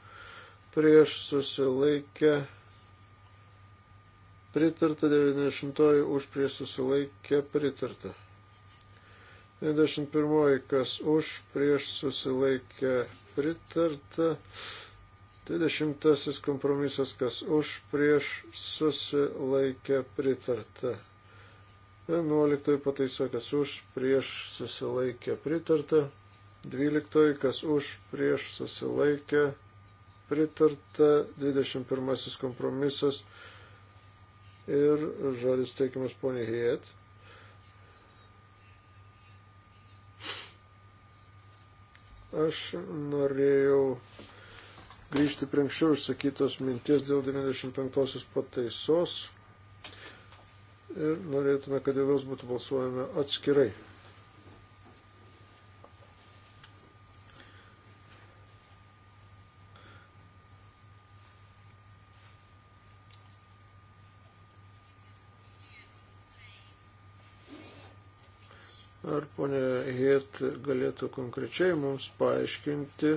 prieš susilaikę pritarta, 90 už prieš susilaikė pritarta. 91 kas už prieš susilaikė pritarta. 20 kompromisas kas už prieš susilaikė pritarta. 11 pataisa kas už prieš susilaikė pritarta. 12 kas už prieš susilaikė pritarta. 21 kompromisas ir žodis teikiamas poniai Hiet. Aš norėjau grįžti prie anksčiau išsakytos minties dėl 95 pataisos ir norėtume, kad dėl jos būtų balsuojame atskirai. Ar ponė Het galėtų konkrečiai mums paaiškinti,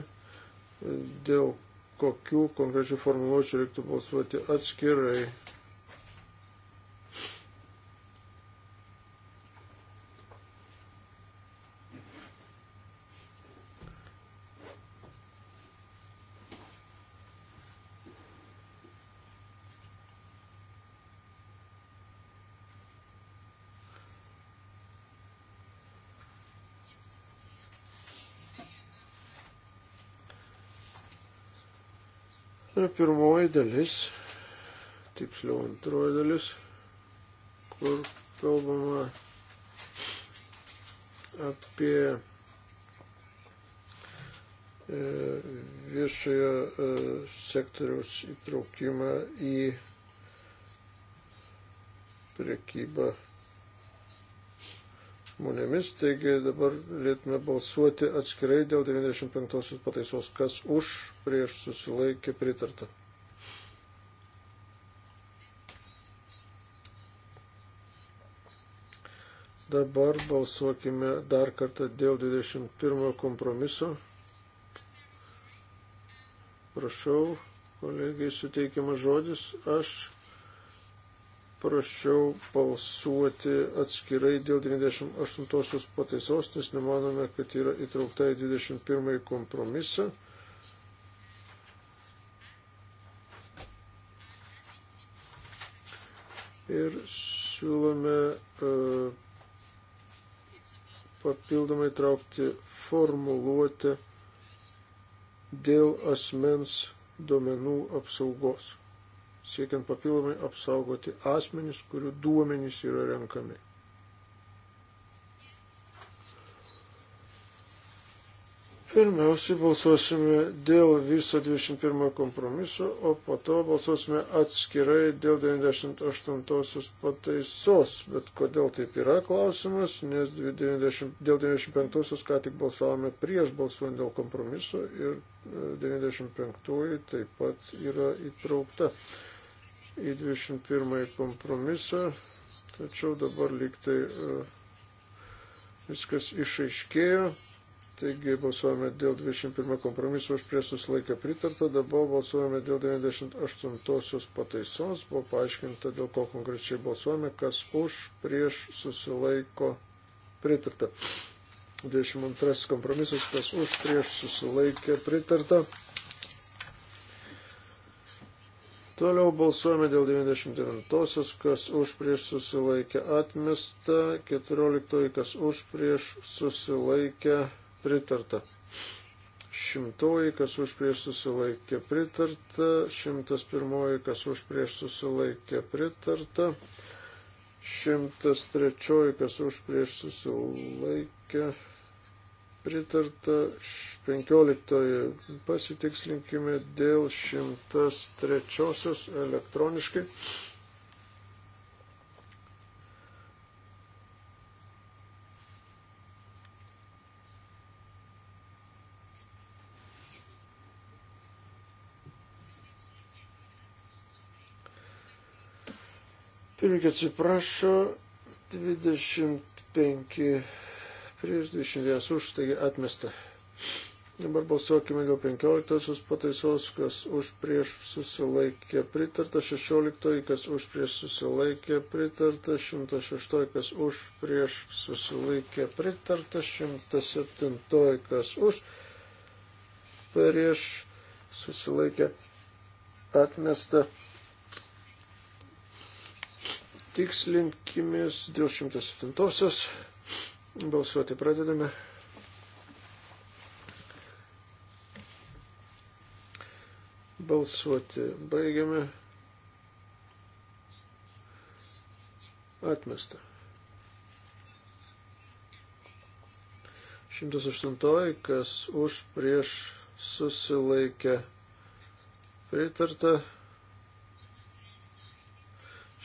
dėl kokių konkrečių formuluočių reiktų balsuoti atskirai yra pirmoji dalis, tiksliau antroji dalis, kur kalbama apie e, viešojo e, sektoriaus įtraukimą į prekybą žmonėmis. Taigi dabar galėtume balsuoti atskirai dėl 95 pataisos, kas už, prieš susilaikė pritarta. Dabar balsuokime dar kartą dėl 21 kompromiso. Prašau, kolegai suteikiamas žodis. Aš prašiau balsuoti atskirai dėl 98 pataisos, nes nemanome, kad yra įtraukta į 21 kompromisą. Ir siūlome uh, papildomai traukti formuluotę dėl asmens duomenų apsaugos siekiant papildomai apsaugoti asmenis, kurių duomenys yra renkami. Pirmiausiai balsuosime dėl viso 21 kompromiso, o po to balsuosime atskirai dėl 98 pataisos. Bet kodėl taip yra klausimas, nes 90, dėl 95 ką tik balsavome prieš balsuojant dėl kompromiso ir 95 e, taip pat yra įtraukta į 21 kompromisą, tačiau dabar liktai e, viskas išaiškėjo. Taigi balsuojame dėl 21 kompromiso už prie susilaikę pritarta, dabar balsuojame dėl 98 pataisos, buvo paaiškinta, dėl ko konkrečiai balsuojame, kas už prieš susilaiko pritarta. 22 kompromisas, kas už prieš susilaikė pritarta. Toliau balsuojame dėl 99-osios, kas už prieš susilaikė atmesta, 14-oji, kas už prieš susilaikė pritarta. Šimtoji, kas už prieš susilaikė pritarta, šimtas pirmoji, kas už prieš susilaikė pritarta, šimtas trečioji, kas už prieš susilaikė pritarta pritarta 15 pasitikslinkime dėl 103 elektroniškai. Pirmininkas atsiprašo 25 prieš 21 už, taigi atmesta. Dabar balsuokime dėl 15 pataisos, kas už prieš susilaikė pritarta, 16, kas už prieš susilaikė pritarta, 106, kas už prieš susilaikė pritarta, 107, kas už prieš susilaikė atmesta tikslinkimės dėl 107. Balsuoti pradedame. Balsuoti baigiame. Atmesta. 108, kas už prieš susilaikė pritarta.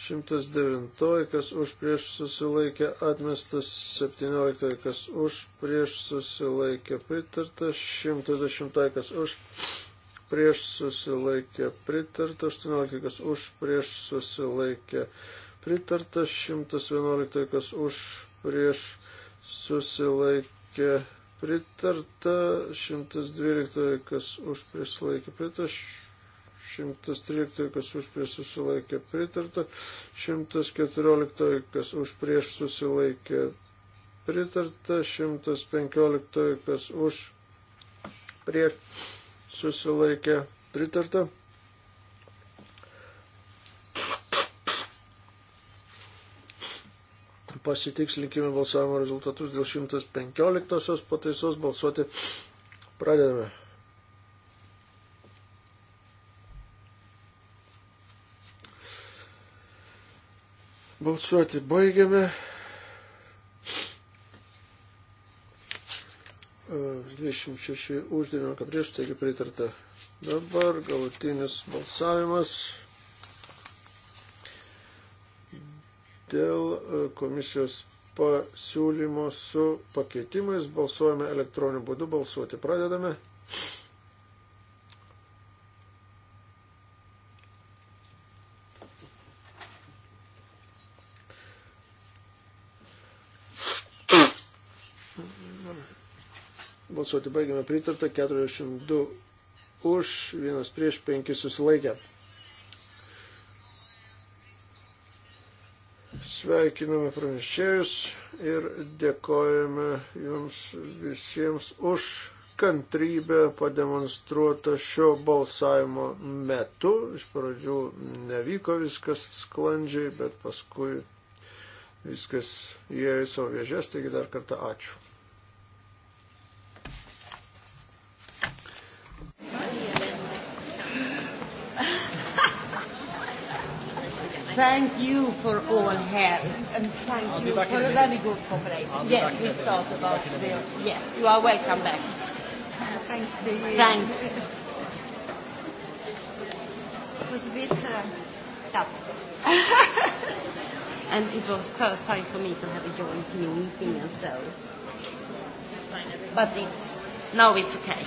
109, kas už prieš susilaikė atmestas, 17, kas už prieš susilaikė pritartas, 110, kas už prieš susilaikė pritartas, 18, kas už prieš susilaikė pritartas, 111, kas už prieš susilaikė pritarta, 112, kas už prieš susilaikė pritartas 113, kas už prieš susilaikė pritarta, 114, kas už prieš susilaikė pritarta, 115, kas už prieš susilaikė pritarta. Pasitikslinkime balsavimo rezultatus dėl 115 pataisos balsuoti pradedame. Balsuoti baigiame. 26 e, už 19 prieš, taigi pritarta. Dabar galutinis balsavimas dėl e, komisijos pasiūlymo su pakeitimais. Balsuojame elektroniniu būdu, balsuoti pradedame. balsuoti baigiame pritarta, 42 už, vienas prieš, penki susilaikė. Sveikiname pranešėjus ir dėkojame jums visiems už kantrybę pademonstruotą šio balsavimo metu. Iš pradžių nevyko viskas sklandžiai, bet paskui viskas įėjo į savo viežes, taigi dar kartą ačiū. thank you for all help and thank I'll you for a very good cooperation. I'll yes, we start about the, yes, you are welcome back. Uh, thanks, David. Thanks. It was a bit uh, tough. [laughs] and it was first time for me to have a joint meeting and so. It's fine, everything. But it's, now it's okay.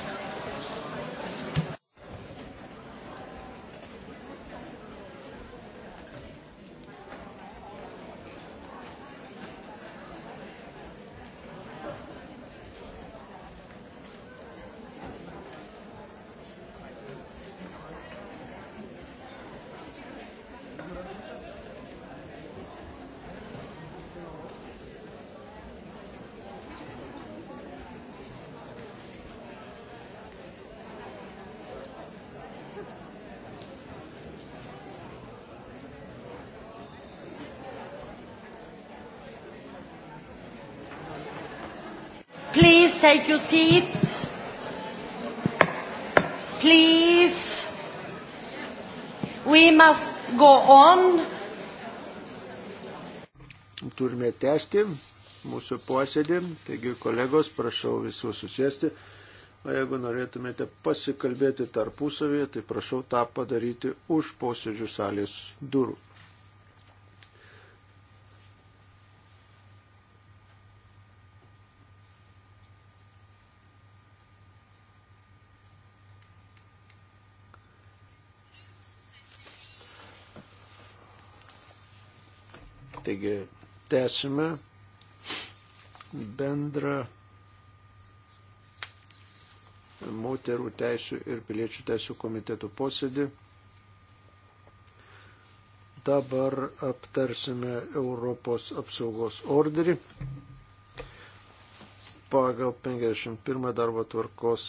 take your seats? Please. We must go on. Turime tęsti mūsų posėdį, taigi kolegos, prašau visų susėsti. O jeigu norėtumėte pasikalbėti tarpusavėje, tai prašau tą padaryti už posėdžių salės durų. Taigi, tęsime bendrą moterų teisų ir piliečių teisų komitetų posėdį. Dabar aptarsime Europos apsaugos orderį pagal 51 darbo tvarkos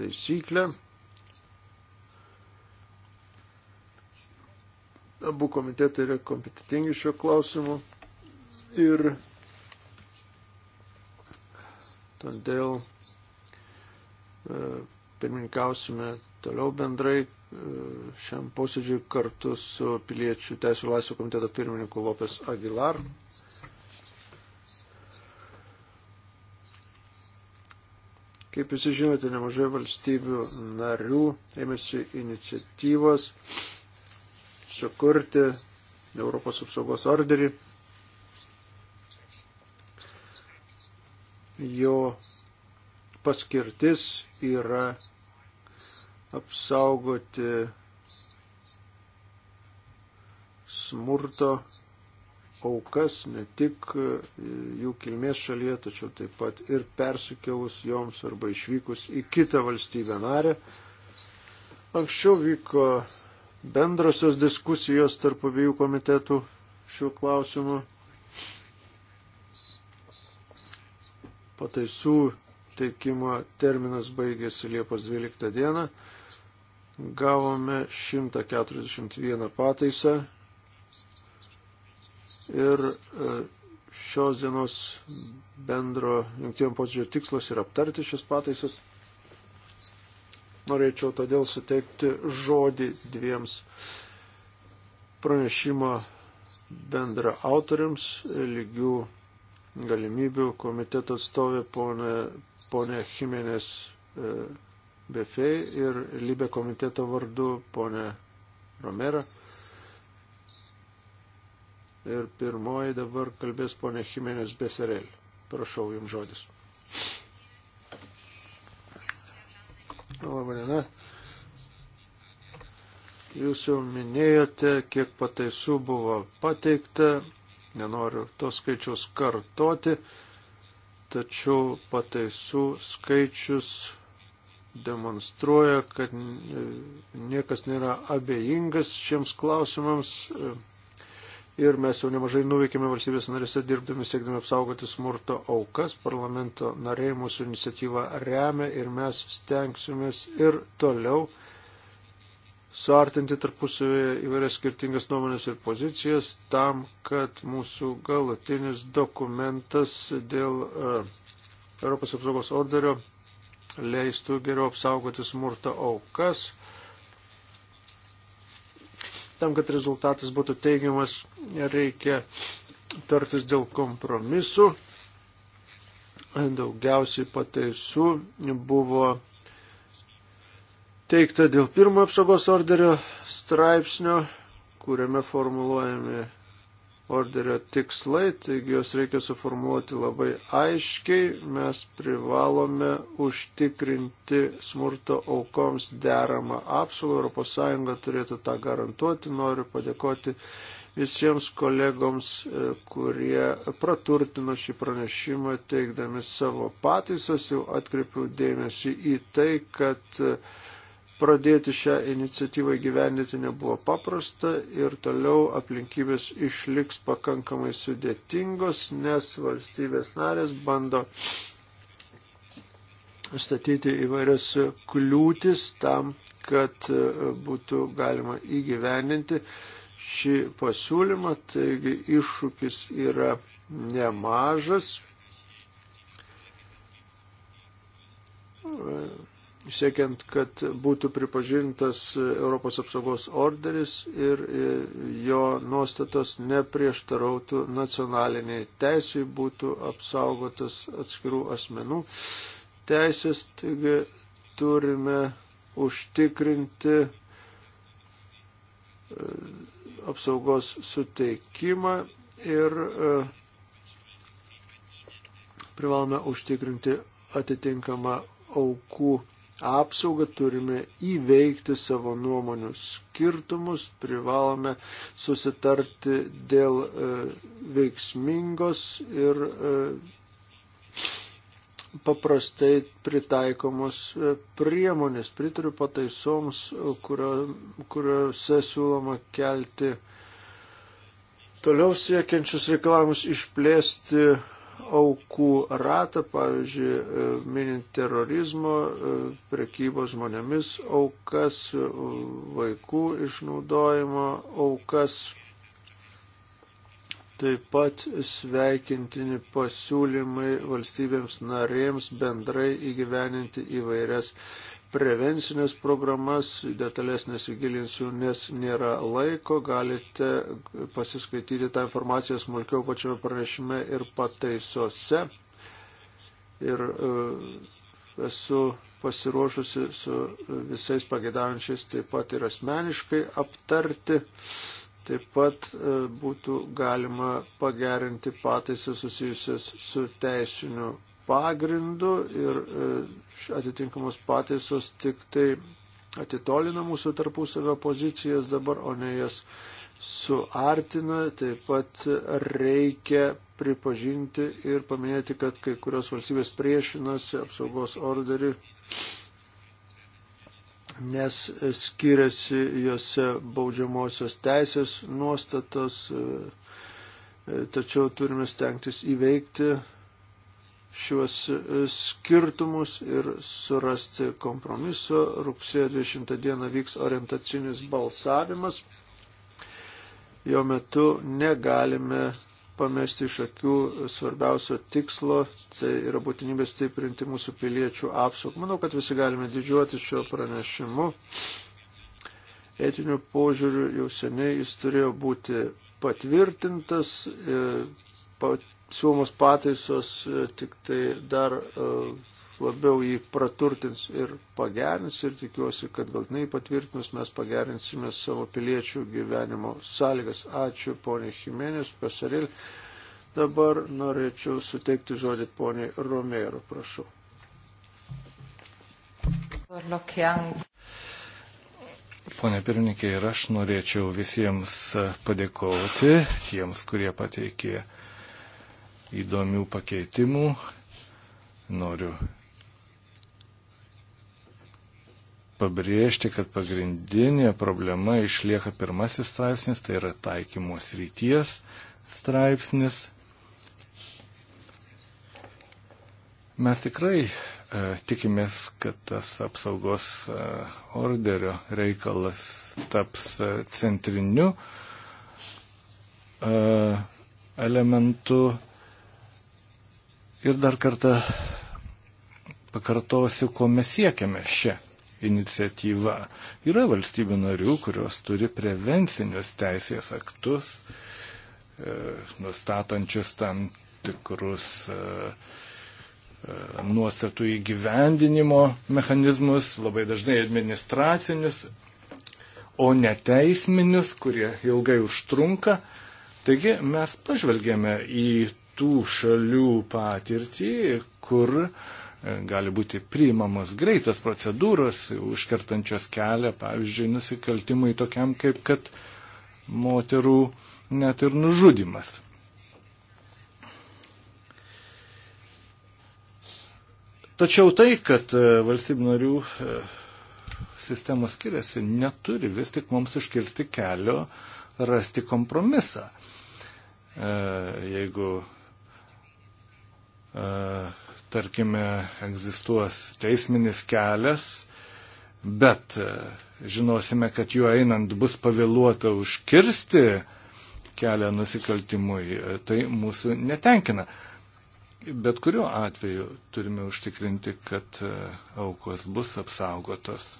taisyklę. abu komitetai yra kompetitingi šiuo klausimu ir todėl e, pirmininkausime toliau bendrai e, šiam posėdžiui kartu su piliečių teisų laisvų komiteto pirmininku Lopes Aguilar. Kaip jūs žinote, nemažai valstybių narių ėmėsi iniciatyvos sukurti Europos apsaugos orderį. Jo paskirtis yra apsaugoti smurto aukas ne tik jų kilmės šalyje, tačiau taip pat ir persikėlus joms arba išvykus į kitą valstybę narę. Anksčiau vyko bendrosios diskusijos tarp abiejų komitetų šiuo klausimu. Pataisų teikimo terminas baigėsi Liepos 12 dieną. Gavome 141 pataisą ir e, šios dienos bendro jungtinio posėdžio tikslas yra aptarti šias pataisas. Norėčiau todėl suteikti žodį dviems pranešimo bendra autoriams lygių galimybių komiteto atstovė ponė, ponė Jimenez e, Befei ir Libė komiteto vardu ponė Romera. Ir pirmoji dabar kalbės ponė Jimenez Beserel. Prašau, jums žodis. Labadiena. Jūs jau minėjote, kiek pataisų buvo pateikta, nenoriu tos skaičiaus kartoti, tačiau pataisų skaičius demonstruoja, kad e, niekas nėra abejingas šiems klausimams e, ir mes jau nemažai nuveikėme valstybės narėse dirbdami, siekdami apsaugoti smurto aukas. Parlamento nariai mūsų iniciatyvą remia ir mes stengsimės ir toliau suartinti tarpusavėje įvairias skirtingas nuomonės ir pozicijas tam, kad mūsų galutinis dokumentas dėl e, Europos apsaugos orderio leistų geriau apsaugoti smurto aukas Tam, kad rezultatas būtų teigiamas, reikia tartis dėl kompromisų. Daugiausiai pataisų buvo teikta dėl pirmo apsaugos orderio straipsnio, kuriame formuluojami orderio tikslai, taigi juos reikia suformuoti labai aiškiai, mes privalome užtikrinti smurto aukoms deramą apsaugą, ES turėtų tą garantuoti, noriu padėkoti visiems kolegoms, e, kurie praturtino šį pranešimą teikdami savo pataisas, jau atkreipiau dėmesį į tai, kad e, Pradėti šią iniciatyvą įgyvendinti nebuvo paprasta ir toliau aplinkybės išliks pakankamai sudėtingos, nes valstybės narės bando statyti įvairias kliūtis tam, kad e, būtų galima įgyvendinti šį pasiūlymą, taigi iššūkis yra nemažas. E, siekiant, kad būtų pripažintas Europos apsaugos orderis ir e, jo nuostatos neprieštarautų nacionaliniai teisiai, būtų apsaugotas atskirų asmenų teisės, taigi turime užtikrinti e, apsaugos suteikimą ir e, privalome užtikrinti atitinkamą aukų apsaugą, turime įveikti savo nuomonių skirtumus, privalome susitarti dėl e, veiksmingos ir e, paprastai pritaikomos e, priemonės. Pritariu pataisoms, kurio, kuriuose siūloma kelti toliau siekiančius reikalavimus išplėsti aukų ratą, pavyzdžiui, e, minint terorizmo, e, prekybos žmonėmis aukas, e, vaikų išnaudojimo aukas. Taip pat sveikintini pasiūlymai valstybėms narėms bendrai įgyveninti įvairias prevencinės programas, detalės nesigilinsiu, nes nėra laiko, galite pasiskaityti tą informaciją smulkiau pačiame pranešime ir pataisose. Ir e, esu pasiruošusi su visais pagėdavančiais taip pat ir asmeniškai aptarti. Taip pat e, būtų galima pagerinti pataisą susijusias su teisiniu pagrindu ir e, atitinkamos pataisos tik tai atitolina mūsų tarpusavio pozicijas dabar, o ne jas suartina. Taip pat reikia pripažinti ir paminėti, kad kai kurios valstybės priešinasi apsaugos orderį, nes skiriasi jose baudžiamosios teisės nuostatos, e, e, tačiau turime stengtis įveikti šiuos e, skirtumus ir surasti kompromiso. Rugsėjo 20 dieną vyks orientacinis balsavimas. Jo metu negalime pamesti iš akių svarbiausio tikslo, tai yra būtinybė stiprinti mūsų piliečių apsaugą. Manau, kad visi galime didžiuotis šio pranešimu. Etiniu požiūriu jau seniai jis turėjo būti patvirtintas, e, pat siūlomos pataisos e, tik tai dar e, labiau jį praturtins ir pagerins ir tikiuosi, kad galtinai patvirtinus mes pagerinsime savo piliečių gyvenimo sąlygas. Ačiū ponė Jimenės, Pasaril. Dabar norėčiau suteikti žodį ponė Romero, prašau. Pone pirmininkė, ir aš norėčiau visiems padėkoti tiems, kurie pateikė uh, įdomių pakeitimų. Noriu pabrėžti, kad pagrindinė problema išlieka pirmasis straipsnis, tai yra taikymos ryties straipsnis. Mes tikrai e, tikimės, kad tas apsaugos e, orderio reikalas taps e, centriniu e, elementu Ir dar kartą pakartosiu, ko mes siekiame šią iniciatyvą. Yra valstybių narių, kurios turi prevencinius teisės aktus, e, nustatančius tam tikrus e, e, nuostatų įgyvendinimo mechanizmus, labai dažnai administracinius, o neteisminius, kurie ilgai užtrunka. Taigi mes pažvelgėme į tų šalių patirtį, kur e, gali būti priimamos greitos procedūros, užkertančios kelią, pavyzdžiui, nusikaltimui tokiam kaip kad moterų net ir nužudimas. Tačiau tai, kad e, valstybių narių e, sistemos skiriasi, neturi vis tik mums iškirsti kelio rasti kompromisą. Jeigu E, tarkime, egzistuos teisminis kelias, bet e, žinosime, kad juo einant bus pavėluota užkirsti kelią nusikaltimui, e, tai mūsų netenkina. Bet kuriuo atveju turime užtikrinti, kad aukos bus apsaugotos.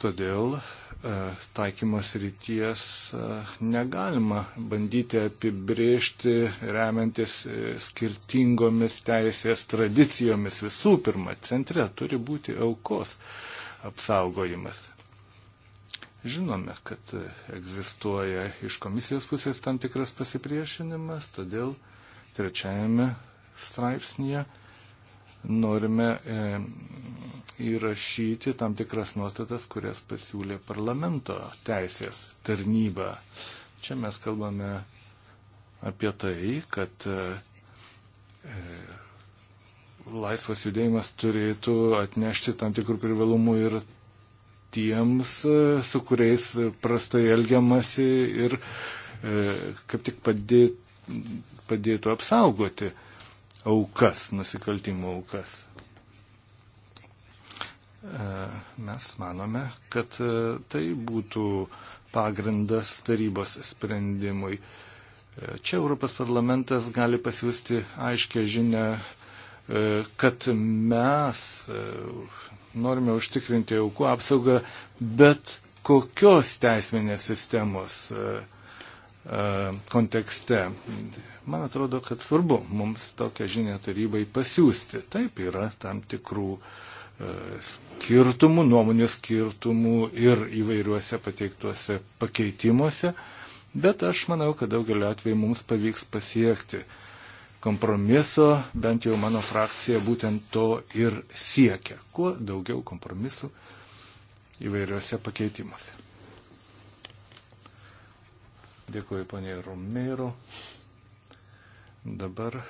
Todėl E, taikymas ryties e, negalima bandyti apibriežti remiantis e, skirtingomis teisės tradicijomis. Visų pirma, centre turi būti aukos apsaugojimas. Žinome, kad egzistuoja iš komisijos pusės tam tikras pasipriešinimas, todėl trečiajame straipsnėje norime e, įrašyti tam tikras nuostatas, kurias pasiūlė parlamento teisės tarnyba. Čia mes kalbame apie tai, kad e, e, laisvas judėjimas turėtų atnešti tam tikrų privalumų ir tiems, su kuriais prastai elgiamasi ir kaip tik padėtų apsaugoti aukas, nusikaltimų aukas. E, mes manome, kad e, tai būtų pagrindas tarybos sprendimui. E, čia Europos parlamentas gali pasiūsti aiškę žinę, kad mes norime užtikrinti aukų apsaugą, bet kokios teisminės sistemos kontekste. Man atrodo, kad svarbu mums tokią žinią tarybai pasiūsti. Taip yra tam tikrų e, skirtumų, nuomonių skirtumų ir įvairiuose pateiktuose pakeitimuose, bet aš manau, kad daugeliu atveju mums pavyks pasiekti kompromiso, bent jau mano frakcija būtent to ir siekia. Kuo daugiau kompromisų įvairiuose pakeitimuose. Dėkuoju, ponė Romero. Dabar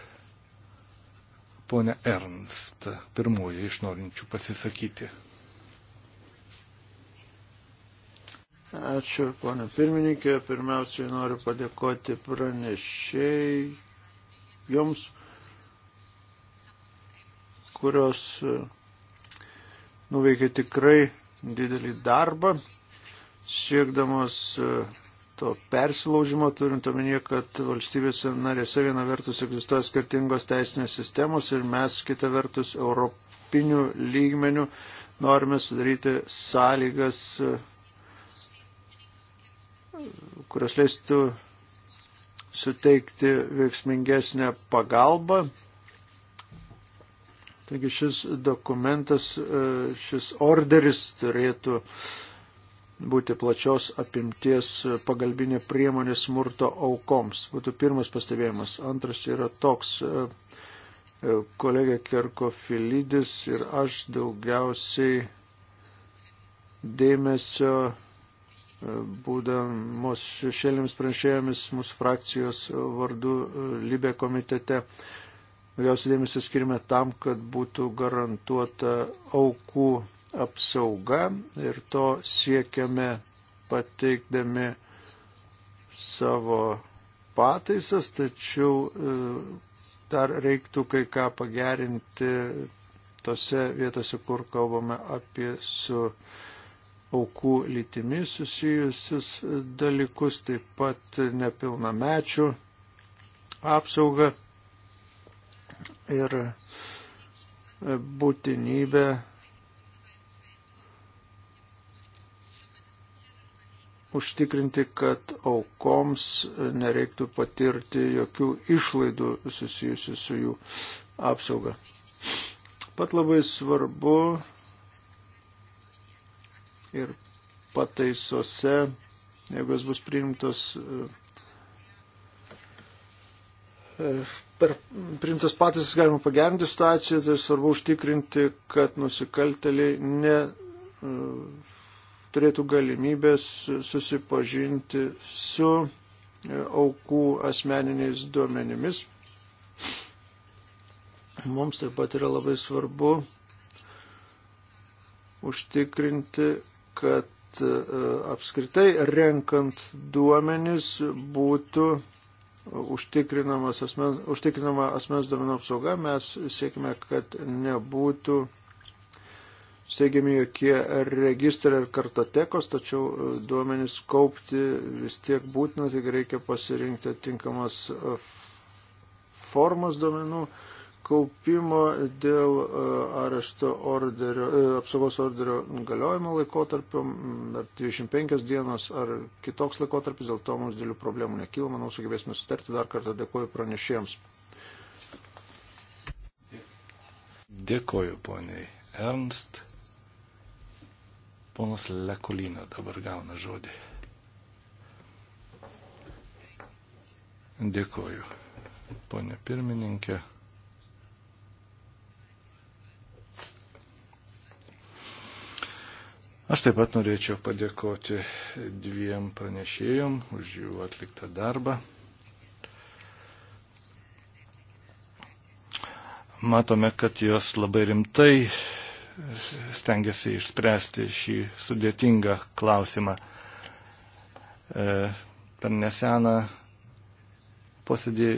ponia Ernst, pirmoji iš norinčių pasisakyti. Ačiū, ponė pirmininkė. Pirmiausiai noriu padėkoti pranešėjai joms, kurios e, nuveikė tikrai didelį darbą, siekdamas e, to persilaužimo, turint omenyje, kad valstybėse narėse viena vertus egzistuoja skirtingos teisinės sistemos ir mes kita vertus europinių lygmenių norime sudaryti sąlygas, kurios leistų suteikti veiksmingesnę pagalbą. Taigi šis dokumentas, šis orderis turėtų uh, būti plačios apimties pagalbinė priemonė smurto aukoms. Būtų pirmas pastebėjimas. Antras yra toks. E, e, Kolegė Kerkofilidis ir aš daugiausiai dėmesio e, būdamos šešėlėmis pranešėjomis mūsų frakcijos vardu Libė komitete. Daugiausiai dėmesio skirime tam, kad būtų garantuota aukų apsauga ir to siekiame pateikdami savo pataisas, tačiau e, dar reiktų kai ką pagerinti tose vietose, kur kalbame apie su aukų lytimi susijusius e, dalykus, taip pat nepilnamečių apsaugą ir e, būtinybę užtikrinti, kad aukoms nereiktų patirti jokių išlaidų susijusių su jų apsauga. Pat labai svarbu ir pataisose, jeigu jis bus priimtas, e, per priimtas patys galima pagerinti situaciją, tai svarbu užtikrinti, kad nusikalteliai ne e, turėtų galimybės susipažinti su e, aukų asmeniniais duomenimis. Mums taip pat yra labai svarbu užtikrinti, kad e, apskritai renkant duomenis būtų asmen, užtikrinama asmens duomenų apsauga. Mes siekime, kad nebūtų steigiami jokie registrai ir kartotekos, tačiau e, duomenys kaupti vis tiek būtina, tik reikia pasirinkti tinkamas e, formas duomenų kaupimo dėl e, arešto orderio, apsaugos orderio galiojimo laikotarpio, ar 25 dienos, ar kitoks laikotarpis, dėl to mums dėlių problemų nekyla, manau, sugebėsime sutarti, dar kartą dėkuoju pranešėjams. Dėkoju poniai Ernst. Ponas Lekolina dabar gauna žodį. Dėkoju, ponė pirmininkė. Aš taip pat norėčiau padėkoti dviem pranešėjom už jų atliktą darbą. Matome, kad jos labai rimtai stengiasi išspręsti šį sudėtingą klausimą. E, per neseną posėdį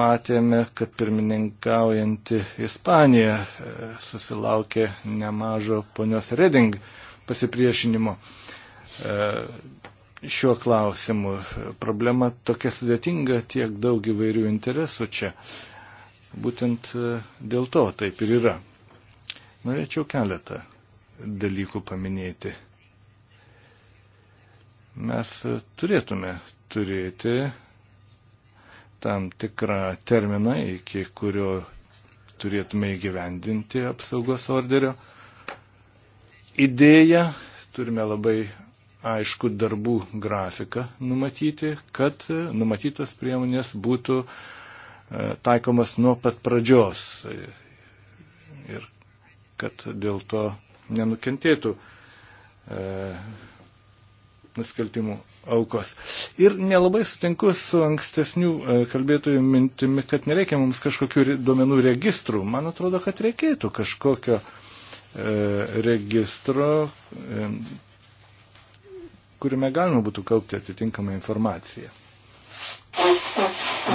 matėme, kad pirmininkaujanti Ispanija e, susilaukė nemažo ponios Reding pasipriešinimo e, šiuo klausimu. Problema tokia sudėtinga, tiek daug įvairių interesų čia. Būtent dėl to taip ir yra. Norėčiau keletą dalykų paminėti. Mes turėtume turėti tam tikrą terminą, iki kurio turėtume įgyvendinti apsaugos orderio. Idėja, turime labai aišku darbų grafiką numatyti, kad numatytos priemonės būtų e, taikomas nuo pat pradžios kad dėl to nenukentėtų e, nusikaltimų aukos. Ir nelabai sutinku su ankstesnių e, kalbėtojų mintimi, kad nereikia mums kažkokių duomenų registrų. Man atrodo, kad reikėtų kažkokio e, registro, e, kuriame galima būtų kaupti atitinkamą informaciją.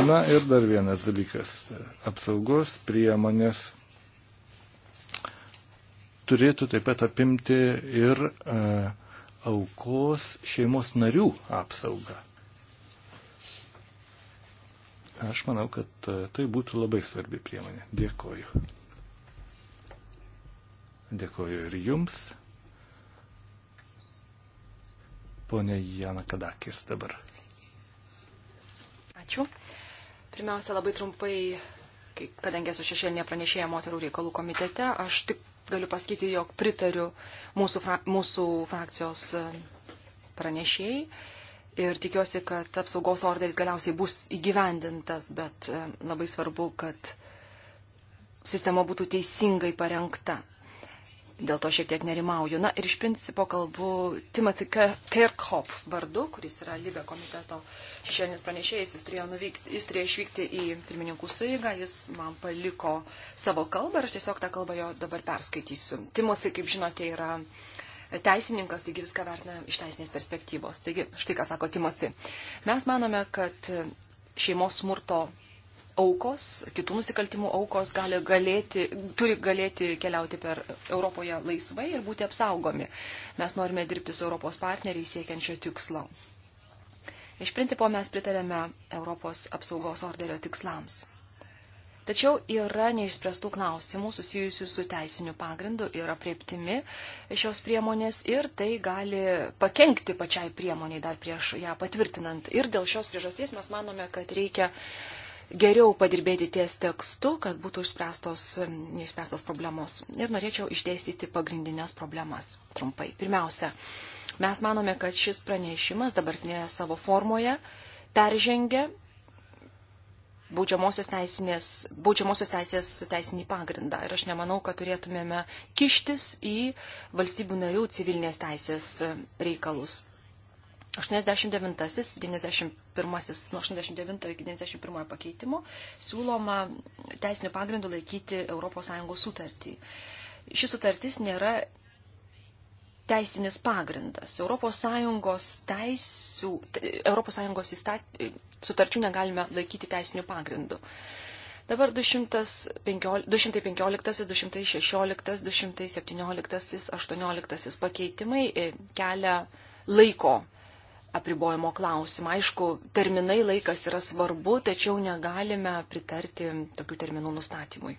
Na ir dar vienas dalykas - apsaugos priemonės turėtų taip pat apimti ir e, aukos šeimos narių apsaugą. Aš manau, kad e, tai būtų labai svarbi priemonė. Dėkoju. Dėkoju ir jums. Pone Jana Kadakis dabar. Ačiū. Pirmiausia, labai trumpai, kadangi esu šešėlinė pranešėja moterų reikalų komitete, aš tik galiu pasakyti, jog pritariu mūsų, fra, mūsų frakcijos e, pranešėjai ir tikiuosi, kad apsaugos orderis galiausiai bus įgyvendintas, bet e, labai svarbu, kad sistema būtų teisingai parengta dėl to šiek tiek nerimauju. Na ir iš principo kalbu Timothy Kirkhoff vardu, kuris yra Libė komiteto šešėlinis pranešėjas. Jis turėjo, nuvykti, jis turėjo išvykti į pirmininkų suigą, jis man paliko savo kalbą ir aš tiesiog tą kalbą jo dabar perskaitysiu. Timothy, kaip žinote, yra teisininkas, taigi viską vertina iš teisinės perspektyvos. Taigi, štai ką sako Timothy. Mes manome, kad šeimos smurto aukos, kitų nusikaltimų aukos gali galėti, turi galėti keliauti per Europoje laisvai ir būti apsaugomi. Mes norime dirbti su Europos partneriais siekiančio tikslo. Iš principo mes pritarėme Europos apsaugos orderio tikslams. Tačiau yra neišspręstų klausimų susijusių su teisiniu pagrindu ir aprieptimi šios priemonės ir tai gali pakengti pačiai priemoniai dar prieš ją patvirtinant. Ir dėl šios priežasties mes manome, kad reikia uh, geriau padirbėti ties tekstu, kad būtų išspręstos neišspręstos problemos. Ir norėčiau išdėstyti pagrindinės problemas trumpai. Pirmiausia, mes manome, kad šis pranešimas dabartinėje savo formoje peržengia baudžiamosios teisinės, baudžiamosios teisės teisinį pagrindą. Ir aš nemanau, kad turėtumėme kištis į valstybių narių civilinės teisės reikalus. 89-91, nuo 89 iki 91 pakeitimo siūloma teisiniu pagrindu laikyti ES sutartį. Ši sutartis nėra teisinis pagrindas. ES, teisių, ES įstat, sutarčių negalime laikyti teisiniu pagrindu. Dabar 215, 216, 216, 217, 18 pakeitimai e, kelia laiko apribojimo klausimą. Aišku, terminai laikas yra svarbu, tačiau negalime pritarti tokių terminų nustatymui.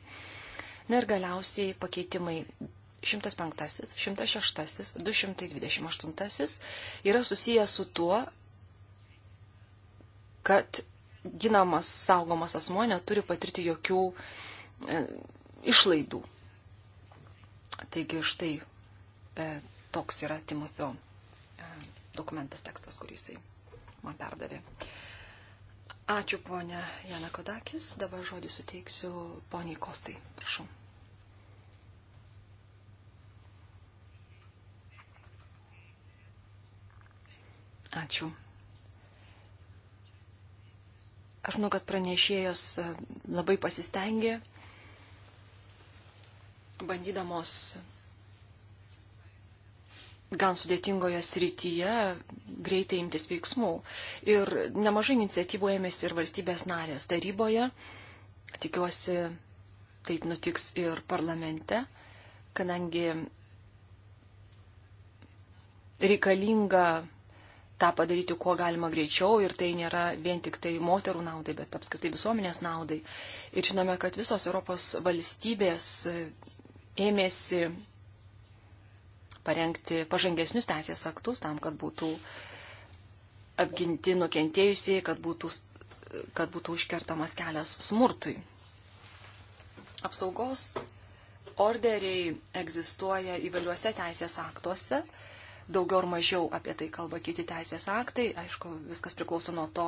Na ir galiausiai pakeitimai 105, 106, 228 yra susijęs su tuo, kad ginamas, saugomas asmo neturi patirti jokių e, išlaidų. Taigi štai e, toks yra Timotheo dokumentas tekstas, kurį jisai man perdavė. Ačiū ponia Jana Kodakis, dabar žodį suteiksiu poniai Kostai, prašau. Ačiū. Aš manau, kad pranešėjos labai pasistengė, bandydamos gan sudėtingoje srityje greitai imtis veiksmų. Ir nemažai iniciatyvų ėmėsi ir valstybės narės taryboje. Tikiuosi, taip nutiks ir parlamente, kadangi reikalinga tą padaryti kuo galima greičiau ir tai nėra vien tik tai moterų naudai, bet apskritai visuomenės naudai. Ir žinome, kad visos Europos valstybės ėmėsi parengti pažangesnius teisės aktus tam, kad būtų apginti nukentėjusiai, kad būtų, kad būtų užkertamas kelias smurtui. Apsaugos orderiai egzistuoja įvairiuose teisės aktuose, daugiau ar mažiau apie tai kalba kiti teisės aktai, aišku, viskas priklauso nuo to,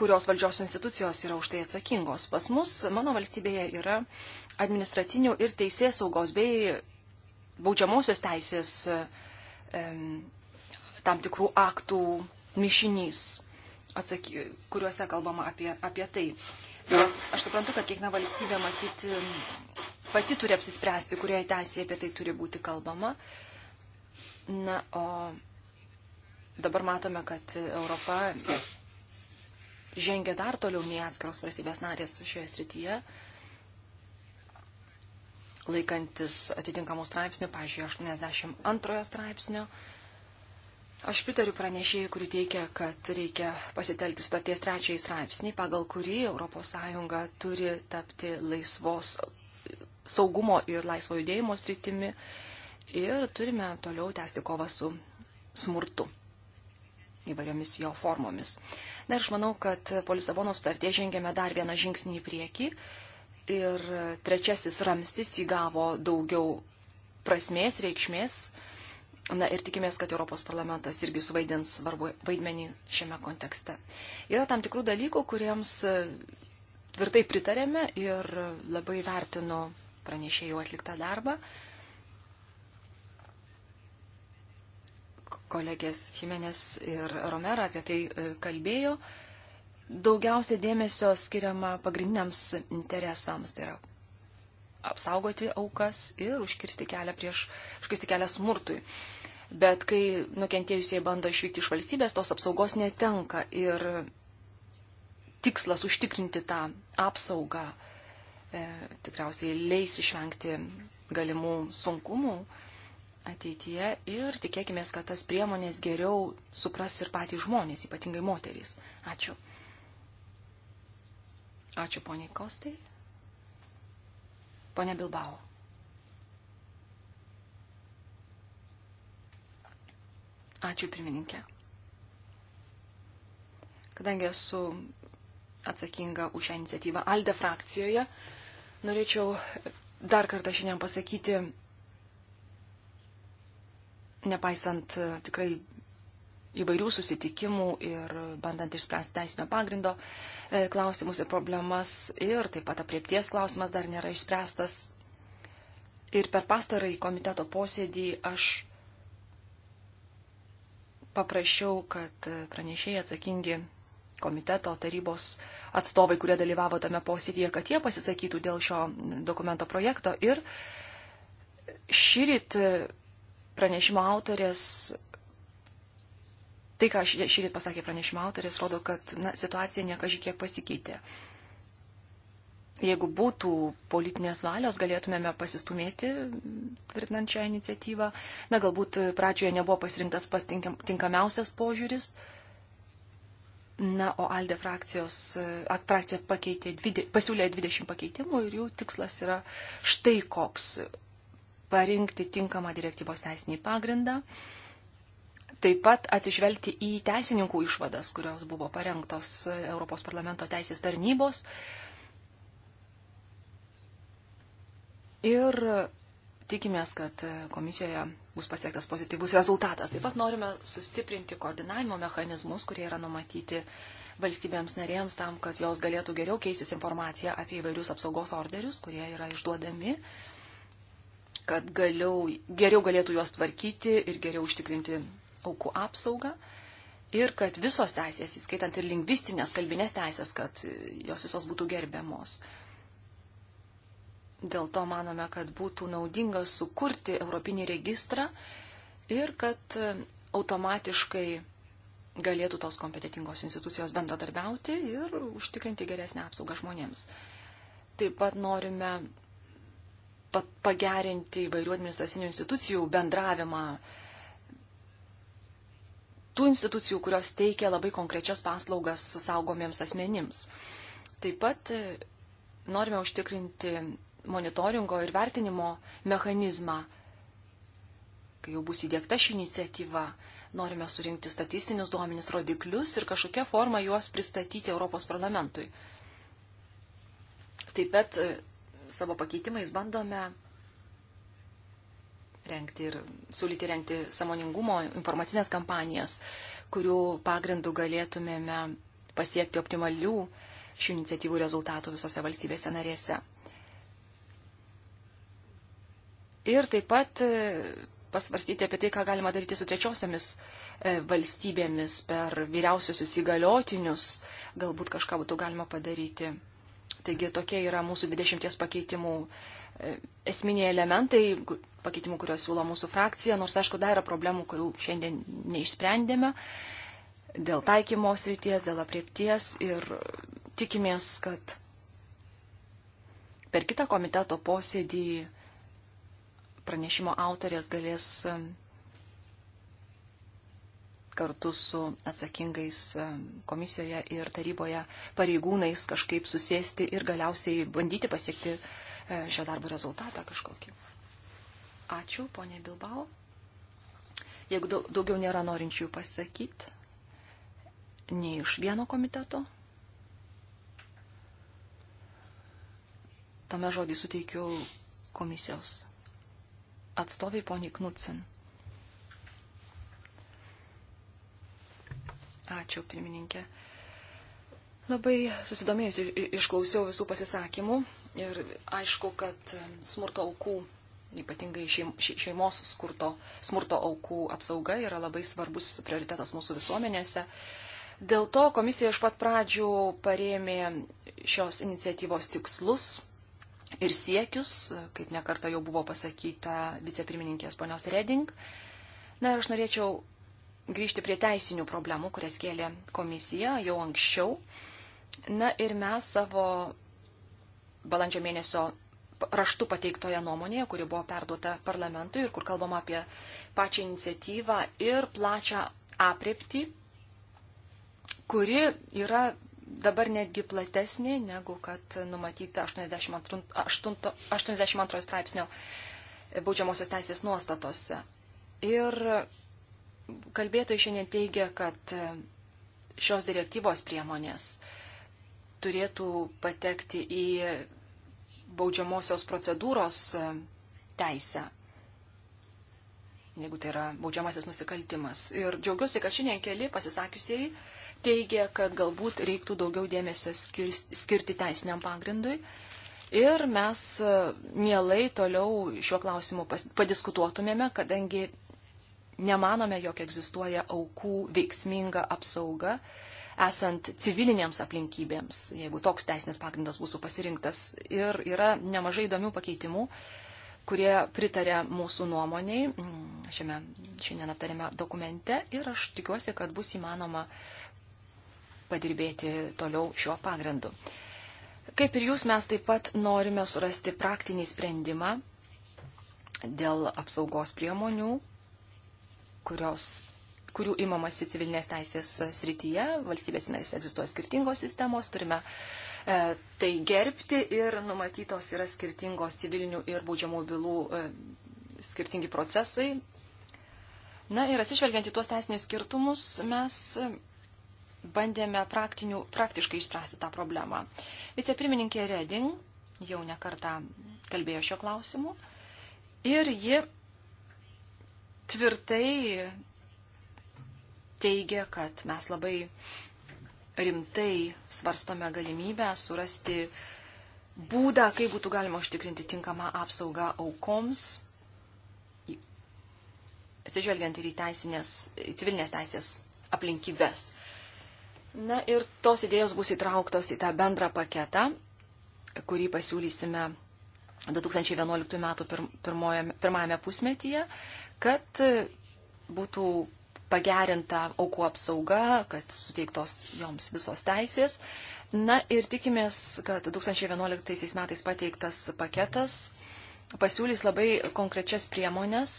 kurios valdžios institucijos yra už tai atsakingos. Pas mus, mano valstybėje, yra administracinių ir teisės saugos bei baudžiamosios teisės tam tikrų aktų mišinys, atsaky, kuriuose kalbama apie, apie tai. Aš suprantu, kad kiekviena valstybė matyti pati turi apsispręsti, kurioje teisėje apie tai turi būti kalbama. Na, o dabar matome, kad Europa žengia dar toliau nei atskiros valstybės narės šioje srityje. Uh, laikantis atitinkamų straipsnių, pažiūrėjau, 82 straipsnio. Aš pritariu pranešėjai, kuri teikia, kad reikia pasitelkti sutarties trečiai straipsnį, pagal kurį ES turi tapti laisvos saugumo ir laisvo judėjimo sritimi ir turime toliau tęsti kovą su smurtu įvairiomis jo formomis. Na ir aš manau, kad po Lisabono sutarties žengėme dar vieną žingsnį į priekį ir trečiasis ramstis įgavo daugiau prasmės, reikšmės. Na ir tikimės, kad Europos parlamentas irgi suvaidins svarbu vaidmenį šiame kontekste. Yra tam tikrų dalykų, kuriems e, tvirtai pritarėme ir labai vertinu pranešėjų atliktą darbą. Kolegės Jimenez ir Romera apie tai e, kalbėjo daugiausia dėmesio skiriama pagrindiniams interesams, tai yra apsaugoti aukas ir užkirsti kelią, prieš, užkirsti kelią smurtui. Bet kai nukentėjusieji bando išvykti iš valstybės, tos apsaugos netenka ir tikslas užtikrinti tą apsaugą e, tikriausiai leis išvengti galimų sunkumų ateityje ir tikėkime, kad tas priemonės geriau supras ir patys žmonės, ypatingai moterys. Ačiū. Ačiū poniai Kostai. Pone Bilbao. Ačiū pirmininkė. Kadangi esu atsakinga už šią iniciatyvą Alde frakcijoje, norėčiau dar kartą šiandien pasakyti, nepaisant tikrai įvairių susitikimų ir bandant išspręsti teisinio pagrindo e, klausimus ir problemas ir taip pat apriepties klausimas dar nėra išspręstas. Ir per pastarąjį komiteto posėdį aš paprašiau, kad pranešėjai atsakingi komiteto tarybos atstovai, kurie dalyvavo tame posėdėje, kad jie pasisakytų dėl šio dokumento projekto. Ir šyrit pranešimo autorės Tai, ką šįryt pasakė pranešimo autoris, rodo, kad na, situacija niekažikiek pasikeitė. Jeigu būtų politinės valios, galėtumėme pasistumėti mm, tvirtinant šią iniciatyvą. Na, galbūt pradžioje nebuvo pasirinktas pats tinkamiausias požiūris. Na, o Alde frakcijos, e, frakcija pakeitė, pasiūlė 20 pakeitimų ir jų tikslas yra štai koks - parinkti tinkamą direktyvos teisinį pagrindą, taip pat atsižvelgti į teisininkų išvadas, kurios buvo parengtos Europos parlamento teisės tarnybos. Ir tikimės, kad komisijoje bus pasiektas pozityvus rezultatas. Taip pat norime sustiprinti koordinavimo mechanizmus, kurie yra numatyti valstybėms narėms tam, kad jos galėtų geriau keistis informaciją apie įvairius apsaugos orderius, kurie yra išduodami, kad galiau, geriau galėtų juos tvarkyti ir geriau užtikrinti aukų apsaugą ir kad visos teisės, įskaitant ir lingvistinės kalbinės teisės, kad jos visos būtų gerbiamos. Dėl to manome, kad būtų naudinga sukurti Europinį registrą ir kad e, automatiškai galėtų tos kompetitingos institucijos bendradarbiauti ir užtikrinti geresnę apsaugą žmonėms. Taip pat norime pagerinti įvairių administracinių institucijų bendravimą tų institucijų, kurios teikia labai konkrečias paslaugas saugomiems asmenims. Taip pat e, norime užtikrinti monitoringo ir vertinimo mechanizmą. Kai jau bus įdėkta ši iniciatyva, norime surinkti statistinius duomenis rodiklius ir kažkokią formą juos pristatyti Europos parlamentui. Taip pat e, savo pakeitimais bandome rengti ir siūlyti rengti samoningumo informacinės kampanijas, kurių pagrindų galėtumėme pasiekti optimalių šių iniciatyvų rezultatų visose valstybėse narėse. Ir taip pat e, pasvarstyti apie tai, ką galima daryti su trečiosiomis e, valstybėmis per vyriausiosius įgaliotinius, galbūt kažką būtų galima padaryti. Taigi tokie yra mūsų 20 pakeitimų esminiai elementai pakeitimų, kuriuos siūlo mūsų frakcija, nors aišku, dar yra problemų, kurių šiandien neišsprendėme dėl taikymos ryties, dėl apriepties ir tikimės, kad per kitą komiteto posėdį pranešimo autorės galės kartu su atsakingais e, komisijoje ir taryboje pareigūnais kažkaip susėsti ir galiausiai bandyti pasiekti e, šio darbo rezultatą kažkokį. Ačiū, ponė Bilbao. Jeigu daugiau nėra norinčių pasakyti, nei iš vieno komiteto, tame žodį suteikiau komisijos atstoviai poniai Knudsen. Ačiū, pirmininkė. Labai susidomėjusi išklausiau visų pasisakymų ir aišku, kad e, smurto aukų, ypatingai šeimos skurto, smurto aukų apsauga yra labai svarbus prioritetas mūsų visuomenėse. Dėl to komisija iš pat pradžių parėmė šios iniciatyvos tikslus ir siekius, e, kaip nekarta jau buvo pasakyta vicepirmininkės ponios Reding. Na ir aš norėčiau grįžti prie teisinių problemų, kurias kėlė komisija jau anksčiau. Na ir mes savo balandžio mėnesio raštu pateiktoje nuomonėje, kuri buvo perduota parlamentui ir kur kalbama apie pačią iniciatyvą ir plačią aprepti, kuri yra dabar netgi platesnė negu kad numatyta 82, 82 straipsnio baudžiamosios teisės nuostatose. Ir Kalbėtojai šiandien teigia, kad e, šios direktyvos priemonės turėtų patekti į baudžiamosios procedūros e, teisę, jeigu tai yra baudžiamasis nusikaltimas. Ir džiaugiuosi, kad šiandien keli pasisakiusiai teigia, kad galbūt reiktų daugiau dėmesio skirti teisiniam pagrindui. Ir mes e, mielai toliau šiuo klausimu padiskutuotumėme, kadangi nemanome, jog egzistuoja aukų veiksminga apsauga esant civilinėms aplinkybėms, jeigu toks teisinis pagrindas būtų pasirinktas. Ir yra nemažai įdomių pakeitimų, kurie pritarė mūsų nuomoniai mm, šiame šiandien aptarėme dokumente ir aš tikiuosi, kad bus įmanoma padirbėti toliau šiuo pagrindu. Kaip ir jūs, mes taip pat norime surasti praktinį sprendimą dėl apsaugos priemonių, kurios kurių imamasi civilinės teisės srityje, valstybės narės egzistuoja skirtingos sistemos, turime e, tai gerbti ir numatytos yra skirtingos civilinių ir baudžiamų bylų e, skirtingi procesai. Na ir atsižvelgiant į tuos teisinius skirtumus, mes e, bandėme praktiškai išspręsti tą problemą. Vicepirmininkė Reding jau nekartą kalbėjo šio klausimu ir ji tvirtai teigia, kad mes labai rimtai svarstome galimybę surasti būdą, kaip būtų galima užtikrinti tinkamą apsaugą aukoms, atsižvelgiant ir į, teisinės, į civilinės teisės aplinkybės. Na ir tos idėjos bus įtrauktos į tą bendrą paketą, kurį pasiūlysime 2011 metų pirmajame pusmetyje, kad būtų pagerinta aukų apsauga, kad suteiktos joms visos teisės. Na ir tikimės, kad 2011 metais pateiktas paketas pasiūlys labai konkrečias priemonės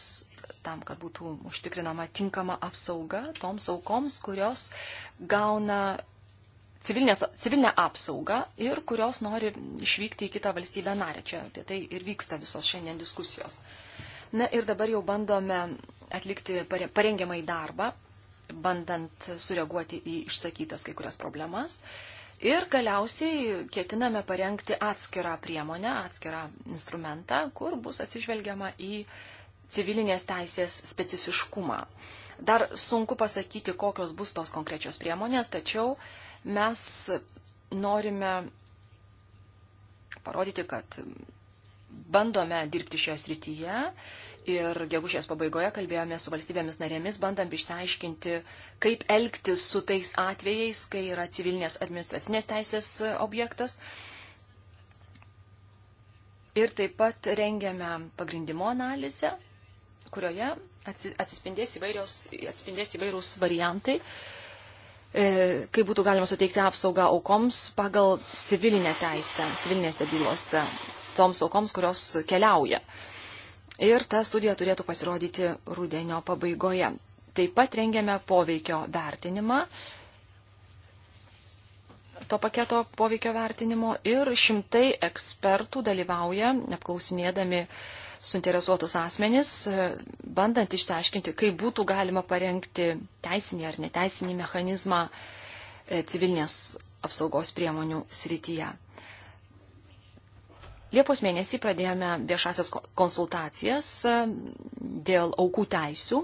tam, kad būtų užtikrinama tinkama apsauga toms aukoms, kurios gauna civilinę apsaugą ir kurios nori išvykti į kitą valstybę narę. Čia apie tai ir vyksta visos šiandien diskusijos. Na ir dabar jau bandome atlikti parengiamai darbą, bandant sureaguoti į išsakytas kai kurias problemas. Ir galiausiai ketiname parengti atskirą priemonę, atskirą instrumentą, kur bus atsižvelgiama į civilinės teisės specifiškumą. Dar sunku pasakyti, kokios bus tos konkrečios priemonės, tačiau uh, Mes norime parodyti, kad bandome dirbti šioje srityje ir gegužės pabaigoje kalbėjome su valstybėmis narėmis, bandam išsiaiškinti, kaip elgtis su tais atvejais, kai yra civilinės administracinės teisės objektas. Ir taip pat rengiame pagrindimo analizę, kurioje atsispindės, įvairios, atsispindės įvairūs variantai, uh, E, kaip būtų galima suteikti apsaugą aukoms pagal civilinę teisę, civilinėse bylose, toms aukoms, kurios keliauja. Ir ta studija turėtų pasirodyti rudenio pabaigoje. Taip pat rengiame poveikio vertinimą, to paketo poveikio vertinimo ir šimtai ekspertų dalyvauja, apklausinėdami uh, suinteresuotus asmenis, e, bandant išsiaiškinti, kaip būtų galima parengti teisinį ar neteisinį mechanizmą e, civilinės apsaugos priemonių srityje. Liepos mėnesį pradėjome viešasias konsultacijas e, dėl aukų teisių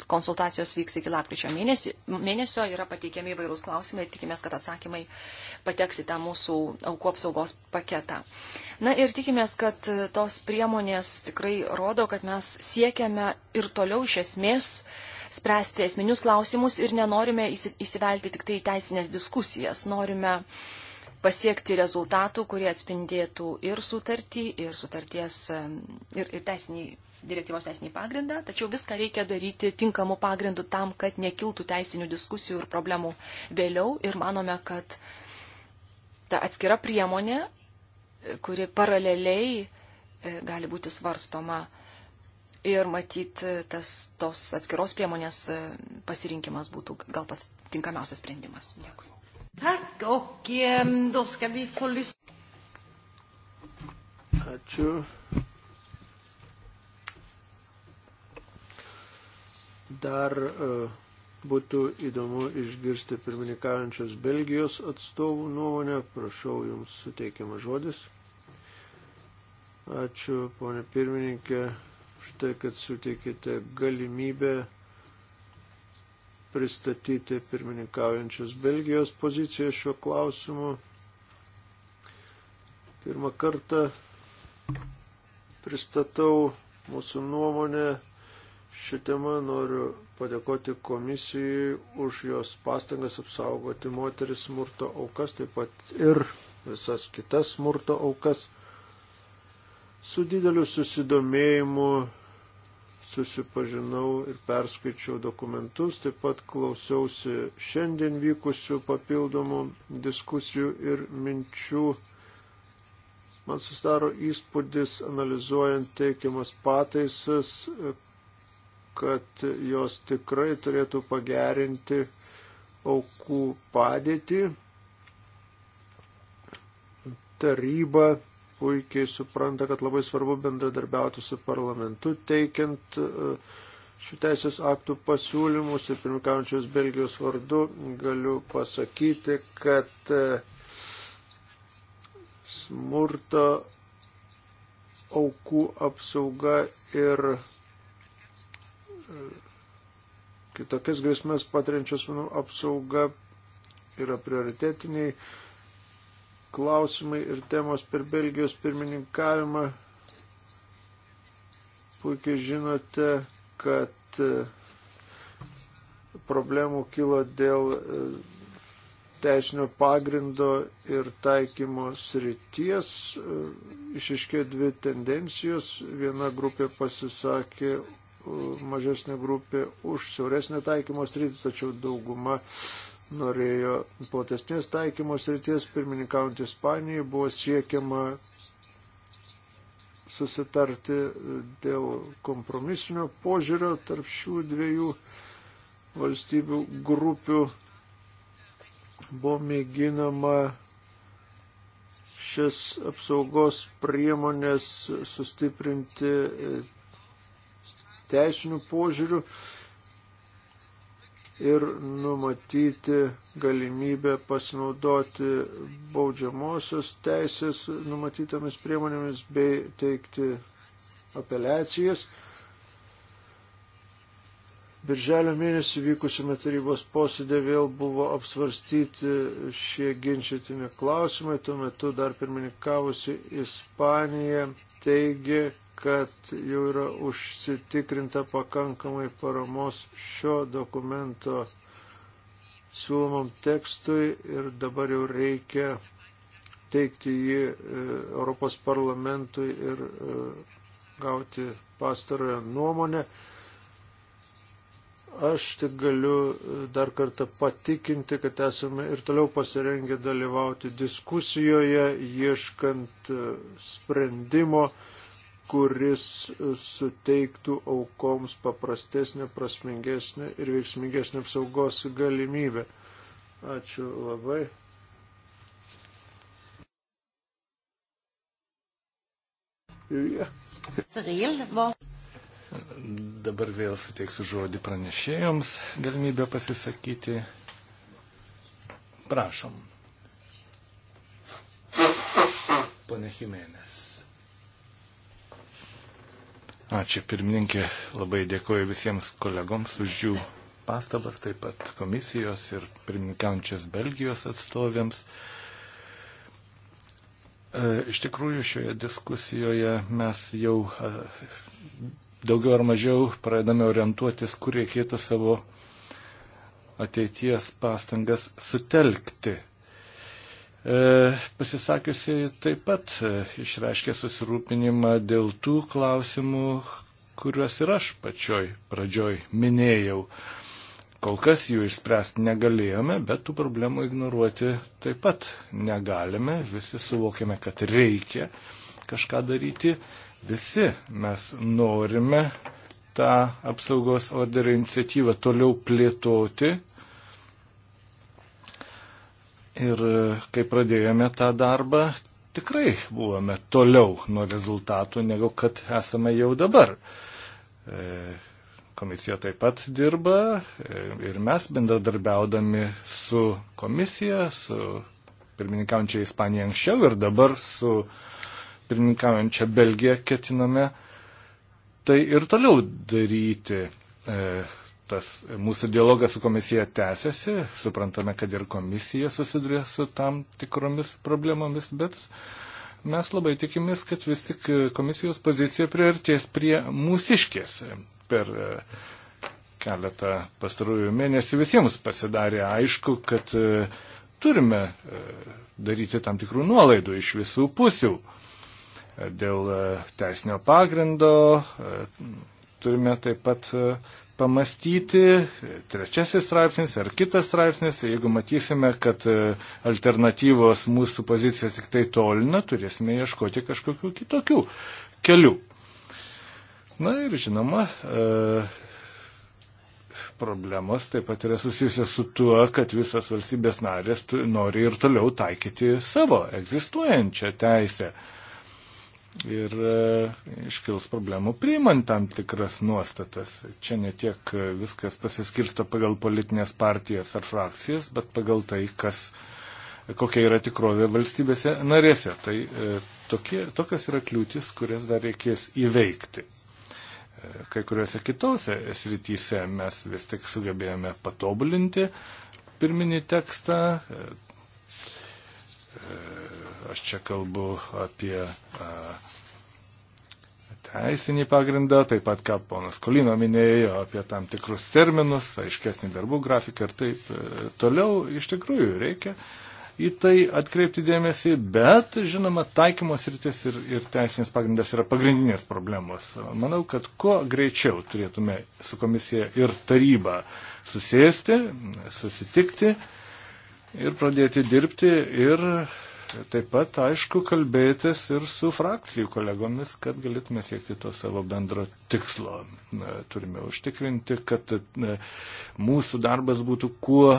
kad konsultacijos vyks iki lapkričio mėnesio, mėnesio yra pateikiami įvairūs klausimai ir tikimės, kad atsakymai pateks į tą mūsų aukų apsaugos paketą. Na ir tikimės, kad tos priemonės tikrai rodo, kad mes siekiame ir toliau iš esmės spręsti esminius klausimus ir nenorime įsivelti tik tai į teisinės diskusijas. Norime pasiekti rezultatų, kurie atspindėtų ir sutartį, ir sutarties, ir, ir teisinį direktyvos teisinį pagrindą, tačiau viską reikia daryti tinkamu pagrindu tam, kad nekiltų teisinių diskusijų ir problemų vėliau ir manome, kad ta atskira priemonė, kuri paraleliai e, gali būti svarstoma ir matyti tas, tos atskiros priemonės e, pasirinkimas būtų gal pats tinkamiausias sprendimas. Dėkui. Tak, och då ska vi få lyssna. Ačiū. Dar e, būtų įdomu išgirsti pirmininkaujančios Belgijos atstovų nuomonę. Prašau Jums suteikiamas žodis. Ačiū, ponė pirmininkė, štai, kad suteikite galimybę pristatyti pirmininkaujančios Belgijos poziciją šiuo klausimu. Pirmą kartą pristatau mūsų nuomonę Šią temą noriu padėkoti komisijai už jos pastangas apsaugoti moteris smurto aukas, taip pat ir visas kitas smurto aukas. Su dideliu susidomėjimu susipažinau ir perskaičiau dokumentus, taip pat klausiausi šiandien vykusių papildomų diskusijų ir minčių. Man susidaro įspūdis, analizuojant teikiamas pataisas, kad jos tikrai turėtų pagerinti aukų padėtį. Taryba puikiai supranta, kad labai svarbu bendradarbiauti su parlamentu, teikiant e, šių teisės aktų pasiūlymus ir pirmkaujančios Belgijos vardu galiu pasakyti, kad e, smurto aukų apsauga ir kitokias grėsmės patiriančios asmenų apsauga yra prioritetiniai klausimai ir temos per Belgijos pirmininkavimą. Puikiai žinote, kad e, problemų kilo dėl e, teisinio pagrindo ir taikymo srities. E, Išiškė dvi tendencijos. Viena grupė pasisakė mažesnė grupė už siauresnę taikymo sritį, tačiau dauguma norėjo platesnės taikymo srities, pirmininkaujant Ispanijai buvo siekiama susitarti dėl kompromisinio požiūrio tarp šių dviejų valstybių grupių. Buvo mėginama šias apsaugos priemonės sustiprinti teisinių požiūrių ir numatyti galimybę pasinaudoti baudžiamosios teisės numatytomis priemonėmis bei teikti apeliacijas. Birželio mėnesį vykusime tarybos posėdė vėl buvo apsvarstyti šie ginčytini klausimai. Tuo metu dar pirmininkavusi Ispanija teigė, kad jau yra užsitikrinta pakankamai paramos šio dokumento siūlomam tekstui ir dabar jau reikia teikti jį e, Europos parlamentui ir e, gauti pastarąją nuomonę. Aš tik galiu e, dar kartą patikinti, kad esame ir toliau pasirengę dalyvauti diskusijoje, ieškant sprendimo kuris suteiktų aukoms paprastesnį, prasmingesnį ir veiksmingesnį apsaugos galimybę. Ačiū labai. Jūja. Dabar vėl suteiksiu žodį pranešėjams galimybę pasisakyti. Prašom. Pane Jimenez. Ačiū pirmininkė, labai dėkoju visiems kolegoms už jų pastabas, taip pat komisijos ir pirmininkiaujančios Belgijos atstovėms. E, iš tikrųjų, šioje diskusijoje mes jau e, daugiau ar mažiau pradedame orientuotis, kur reikėtų savo ateities pastangas sutelkti. E, pasisakiusiai taip pat e, išreiškė susirūpinimą dėl tų klausimų, kuriuos ir aš pačioj pradžioj minėjau. Kol kas jų išspręsti negalėjome, bet tų problemų ignoruoti taip pat negalime. Visi suvokime, kad reikia kažką daryti. Visi mes norime tą apsaugos orderio iniciatyvą toliau plėtoti Ir e, kai pradėjome tą darbą, tikrai buvome toliau nuo rezultatų, negu kad esame jau dabar. E, komisija taip pat dirba e, ir mes bendradarbiaudami su komisija, su pirmininkaujančia Ispanija anksčiau ir dabar su pirmininkaujančia Belgija ketiname tai ir toliau daryti tas mūsų dialogas su komisija tęsiasi, suprantame, kad ir komisija susiduria su tam tikromis problemomis, bet mes labai tikimės, kad vis tik komisijos pozicija priartės prie mūsiškės. Per e, keletą pastarųjų mėnesių visiems pasidarė aišku, kad e, turime e, daryti tam tikrų nuolaidų iš visų pusių. Dėl teisinio pagrindo turime taip pat pamastyti, trečiasis straipsnis ar kitas straipsnis, jeigu matysime, kad e, alternatyvos mūsų poziciją tik tai tolina, turėsime ieškoti kažkokių kitokių kelių. Na ir žinoma, e, problemos taip pat yra susijusios su tuo, kad visas valstybės narės nori ir toliau taikyti savo egzistuojančią teisę ir e, iškils problemų priimant tam tikras nuostatas. Čia ne tiek e, viskas pasiskirsto pagal politinės partijas ar frakcijas, bet pagal tai, kas, kokia yra tikrovė valstybėse narėse. Tai e, tokie, tokios yra kliūtis, kurias dar reikės įveikti. Kai kuriuose kitose srityse mes vis tik sugebėjome patobulinti pirminį tekstą, Aš čia kalbu apie a, teisinį pagrindą, taip pat, ką ponas Kolino minėjo, apie tam tikrus terminus, aiškesnį darbų grafiką ir taip e, toliau. Iš tikrųjų, reikia į tai atkreipti dėmesį, bet, žinoma, taikymos rytis ir, ir teisinis pagrindas yra pagrindinės problemos. Manau, kad kuo greičiau turėtume su komisija ir taryba susėsti, susitikti ir pradėti dirbti ir taip pat, aišku, kalbėtis ir su frakcijų kolegomis, kad galėtume siekti to savo bendro tikslo. Turime užtikrinti, kad mūsų darbas būtų kuo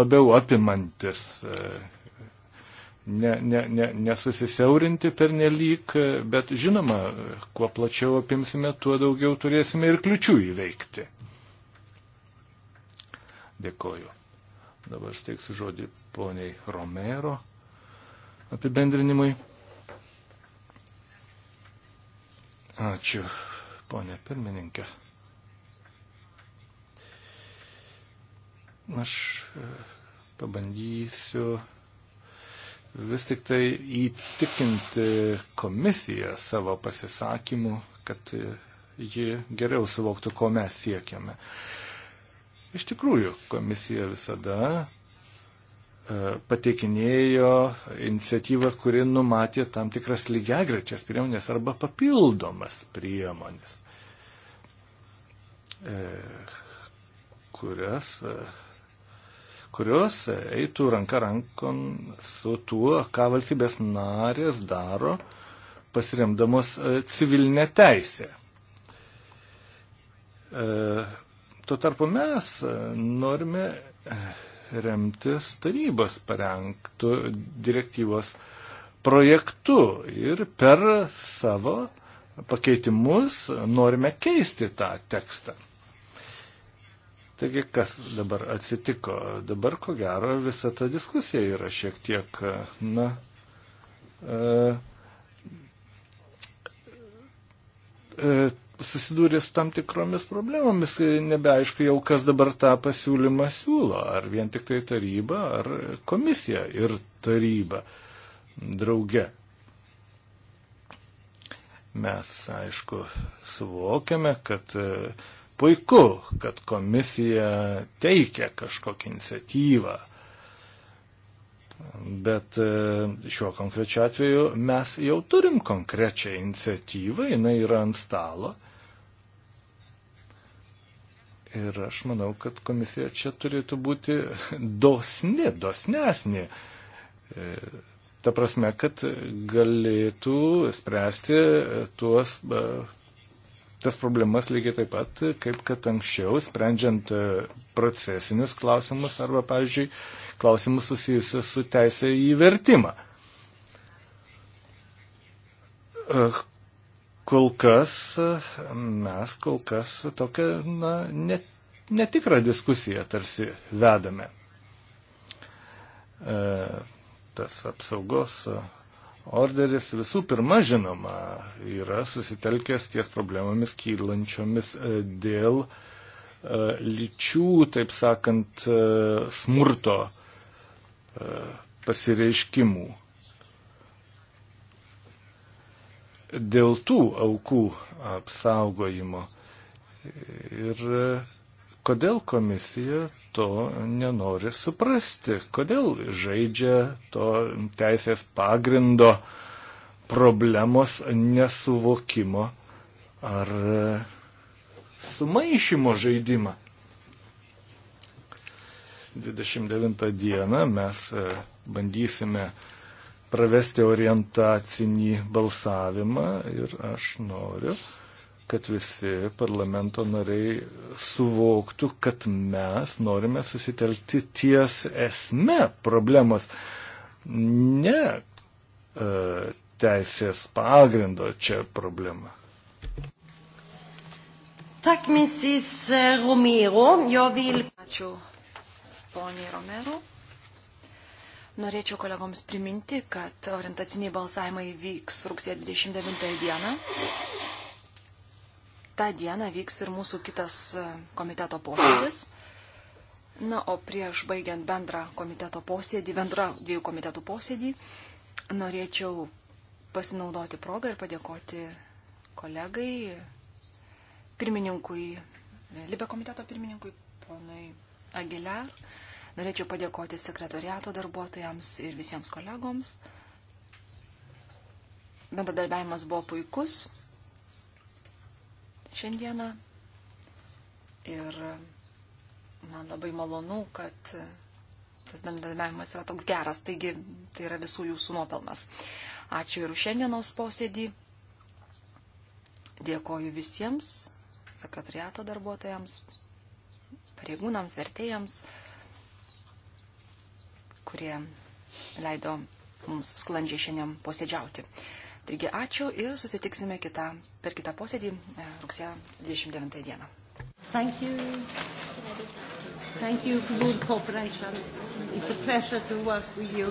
labiau apimantis. Ne, ne, ne, nesusisiaurinti per nelik, bet žinoma, kuo plačiau apimsime, tuo daugiau turėsime ir kliučių įveikti. Dėkoju. Dabar steiksiu žodį poniai Romero apibendrinimui. Ačiū, ponė pirmininkė. Aš e, pabandysiu vis tik tai įtikinti komisiją savo pasisakymu, kad e, ji geriau suvoktų, ko mes siekiame. Iš tikrųjų, komisija visada E, pateikinėjo iniciatyvą, kuri numatė tam tikras lygiagrečias priemonės arba papildomas priemonės, e, kurias, e, kurios eitų ranka rankon su tuo, ką valstybės narės daro, pasiremdamos civilinę teisę. Tuo tarpu mes norime remtis tarybos parengtų direktyvos projektu ir per savo pakeitimus norime keisti tą tekstą. Taigi, kas dabar atsitiko? Dabar, ko gero, visa ta diskusija yra šiek tiek, na, e, e, susidūrė su tam tikromis problemomis, nebeaišku jau, kas dabar tą pasiūlymą siūlo, ar vien tik tai taryba, ar komisija ir taryba drauge. Mes, aišku, suvokiame, kad e, puiku, kad komisija teikia kažkokią iniciatyvą, Bet e, šiuo konkrečiu atveju mes jau turim konkrečią iniciatyvą, jinai yra ant stalo. Ir aš manau, kad komisija čia turėtų būti dosni, dosnesnė. E, ta prasme, kad galėtų spręsti tuos, e, tas problemas lygiai taip pat, kaip kad anksčiau, sprendžiant e, procesinius klausimus arba, pavyzdžiui, klausimus susijusius su teisė į vertimą kol kas mes kol kas tokią na, net, netikrą diskusiją tarsi vedame. E, tas apsaugos orderis visų pirma, žinoma, yra susitelkęs ties problemomis kylančiomis e, dėl e, lyčių, taip sakant, e, smurto e, pasireiškimų. dėl tų aukų apsaugojimo. Ir kodėl komisija to nenori suprasti, kodėl žaidžia to teisės pagrindo problemos nesuvokimo ar sumaišymo žaidimą. 29 dieną mes e, bandysime uh, pravesti orientacinį balsavimą ir aš noriu, kad visi parlamento nariai suvoktų, kad mes norime susitelkti ties esme problemos, ne e, teisės pagrindo čia problema. Tak, Mrs. Eh, Romero, jo vil. Ačiū, poniai Romero. Norėčiau kolegoms priminti, kad orientaciniai balsavimai vyks rugsėjo 29 dieną. Ta diena vyks ir mūsų kitas komiteto posėdis. Na, o prieš baigiant bendrą komiteto posėdį, bendrą dviejų komitetų posėdį, norėčiau pasinaudoti progą ir padėkoti kolegai, pirmininkui, Libe komiteto pirmininkui, ponui Aguilar Norėčiau padėkoti sekretariato darbuotojams ir visiems kolegoms. Bendradarbiavimas buvo puikus šiandieną ir man labai malonu, kad tas bendradarbiavimas yra toks geras, taigi tai yra visų jūsų nuopelnas. Ačiū ir už šiandienos posėdį. Dėkoju visiems sekretariato darbuotojams, pareigūnams, vertėjams kurie leido mums sklandžiai šiandien posėdžiauti. Taigi ačiū ir susitiksime kitą, per kitą posėdį e, rugsėjo 29 dieną. Thank you. Thank you for good cooperation. It's a pleasure to work with you.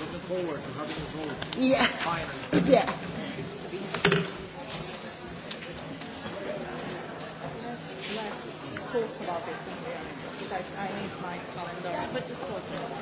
Looking forward to having you home. Yeah. Finally. [laughs] Yeah. Let's talk about it in the end because I need my calendar. Yeah, but just talk about it.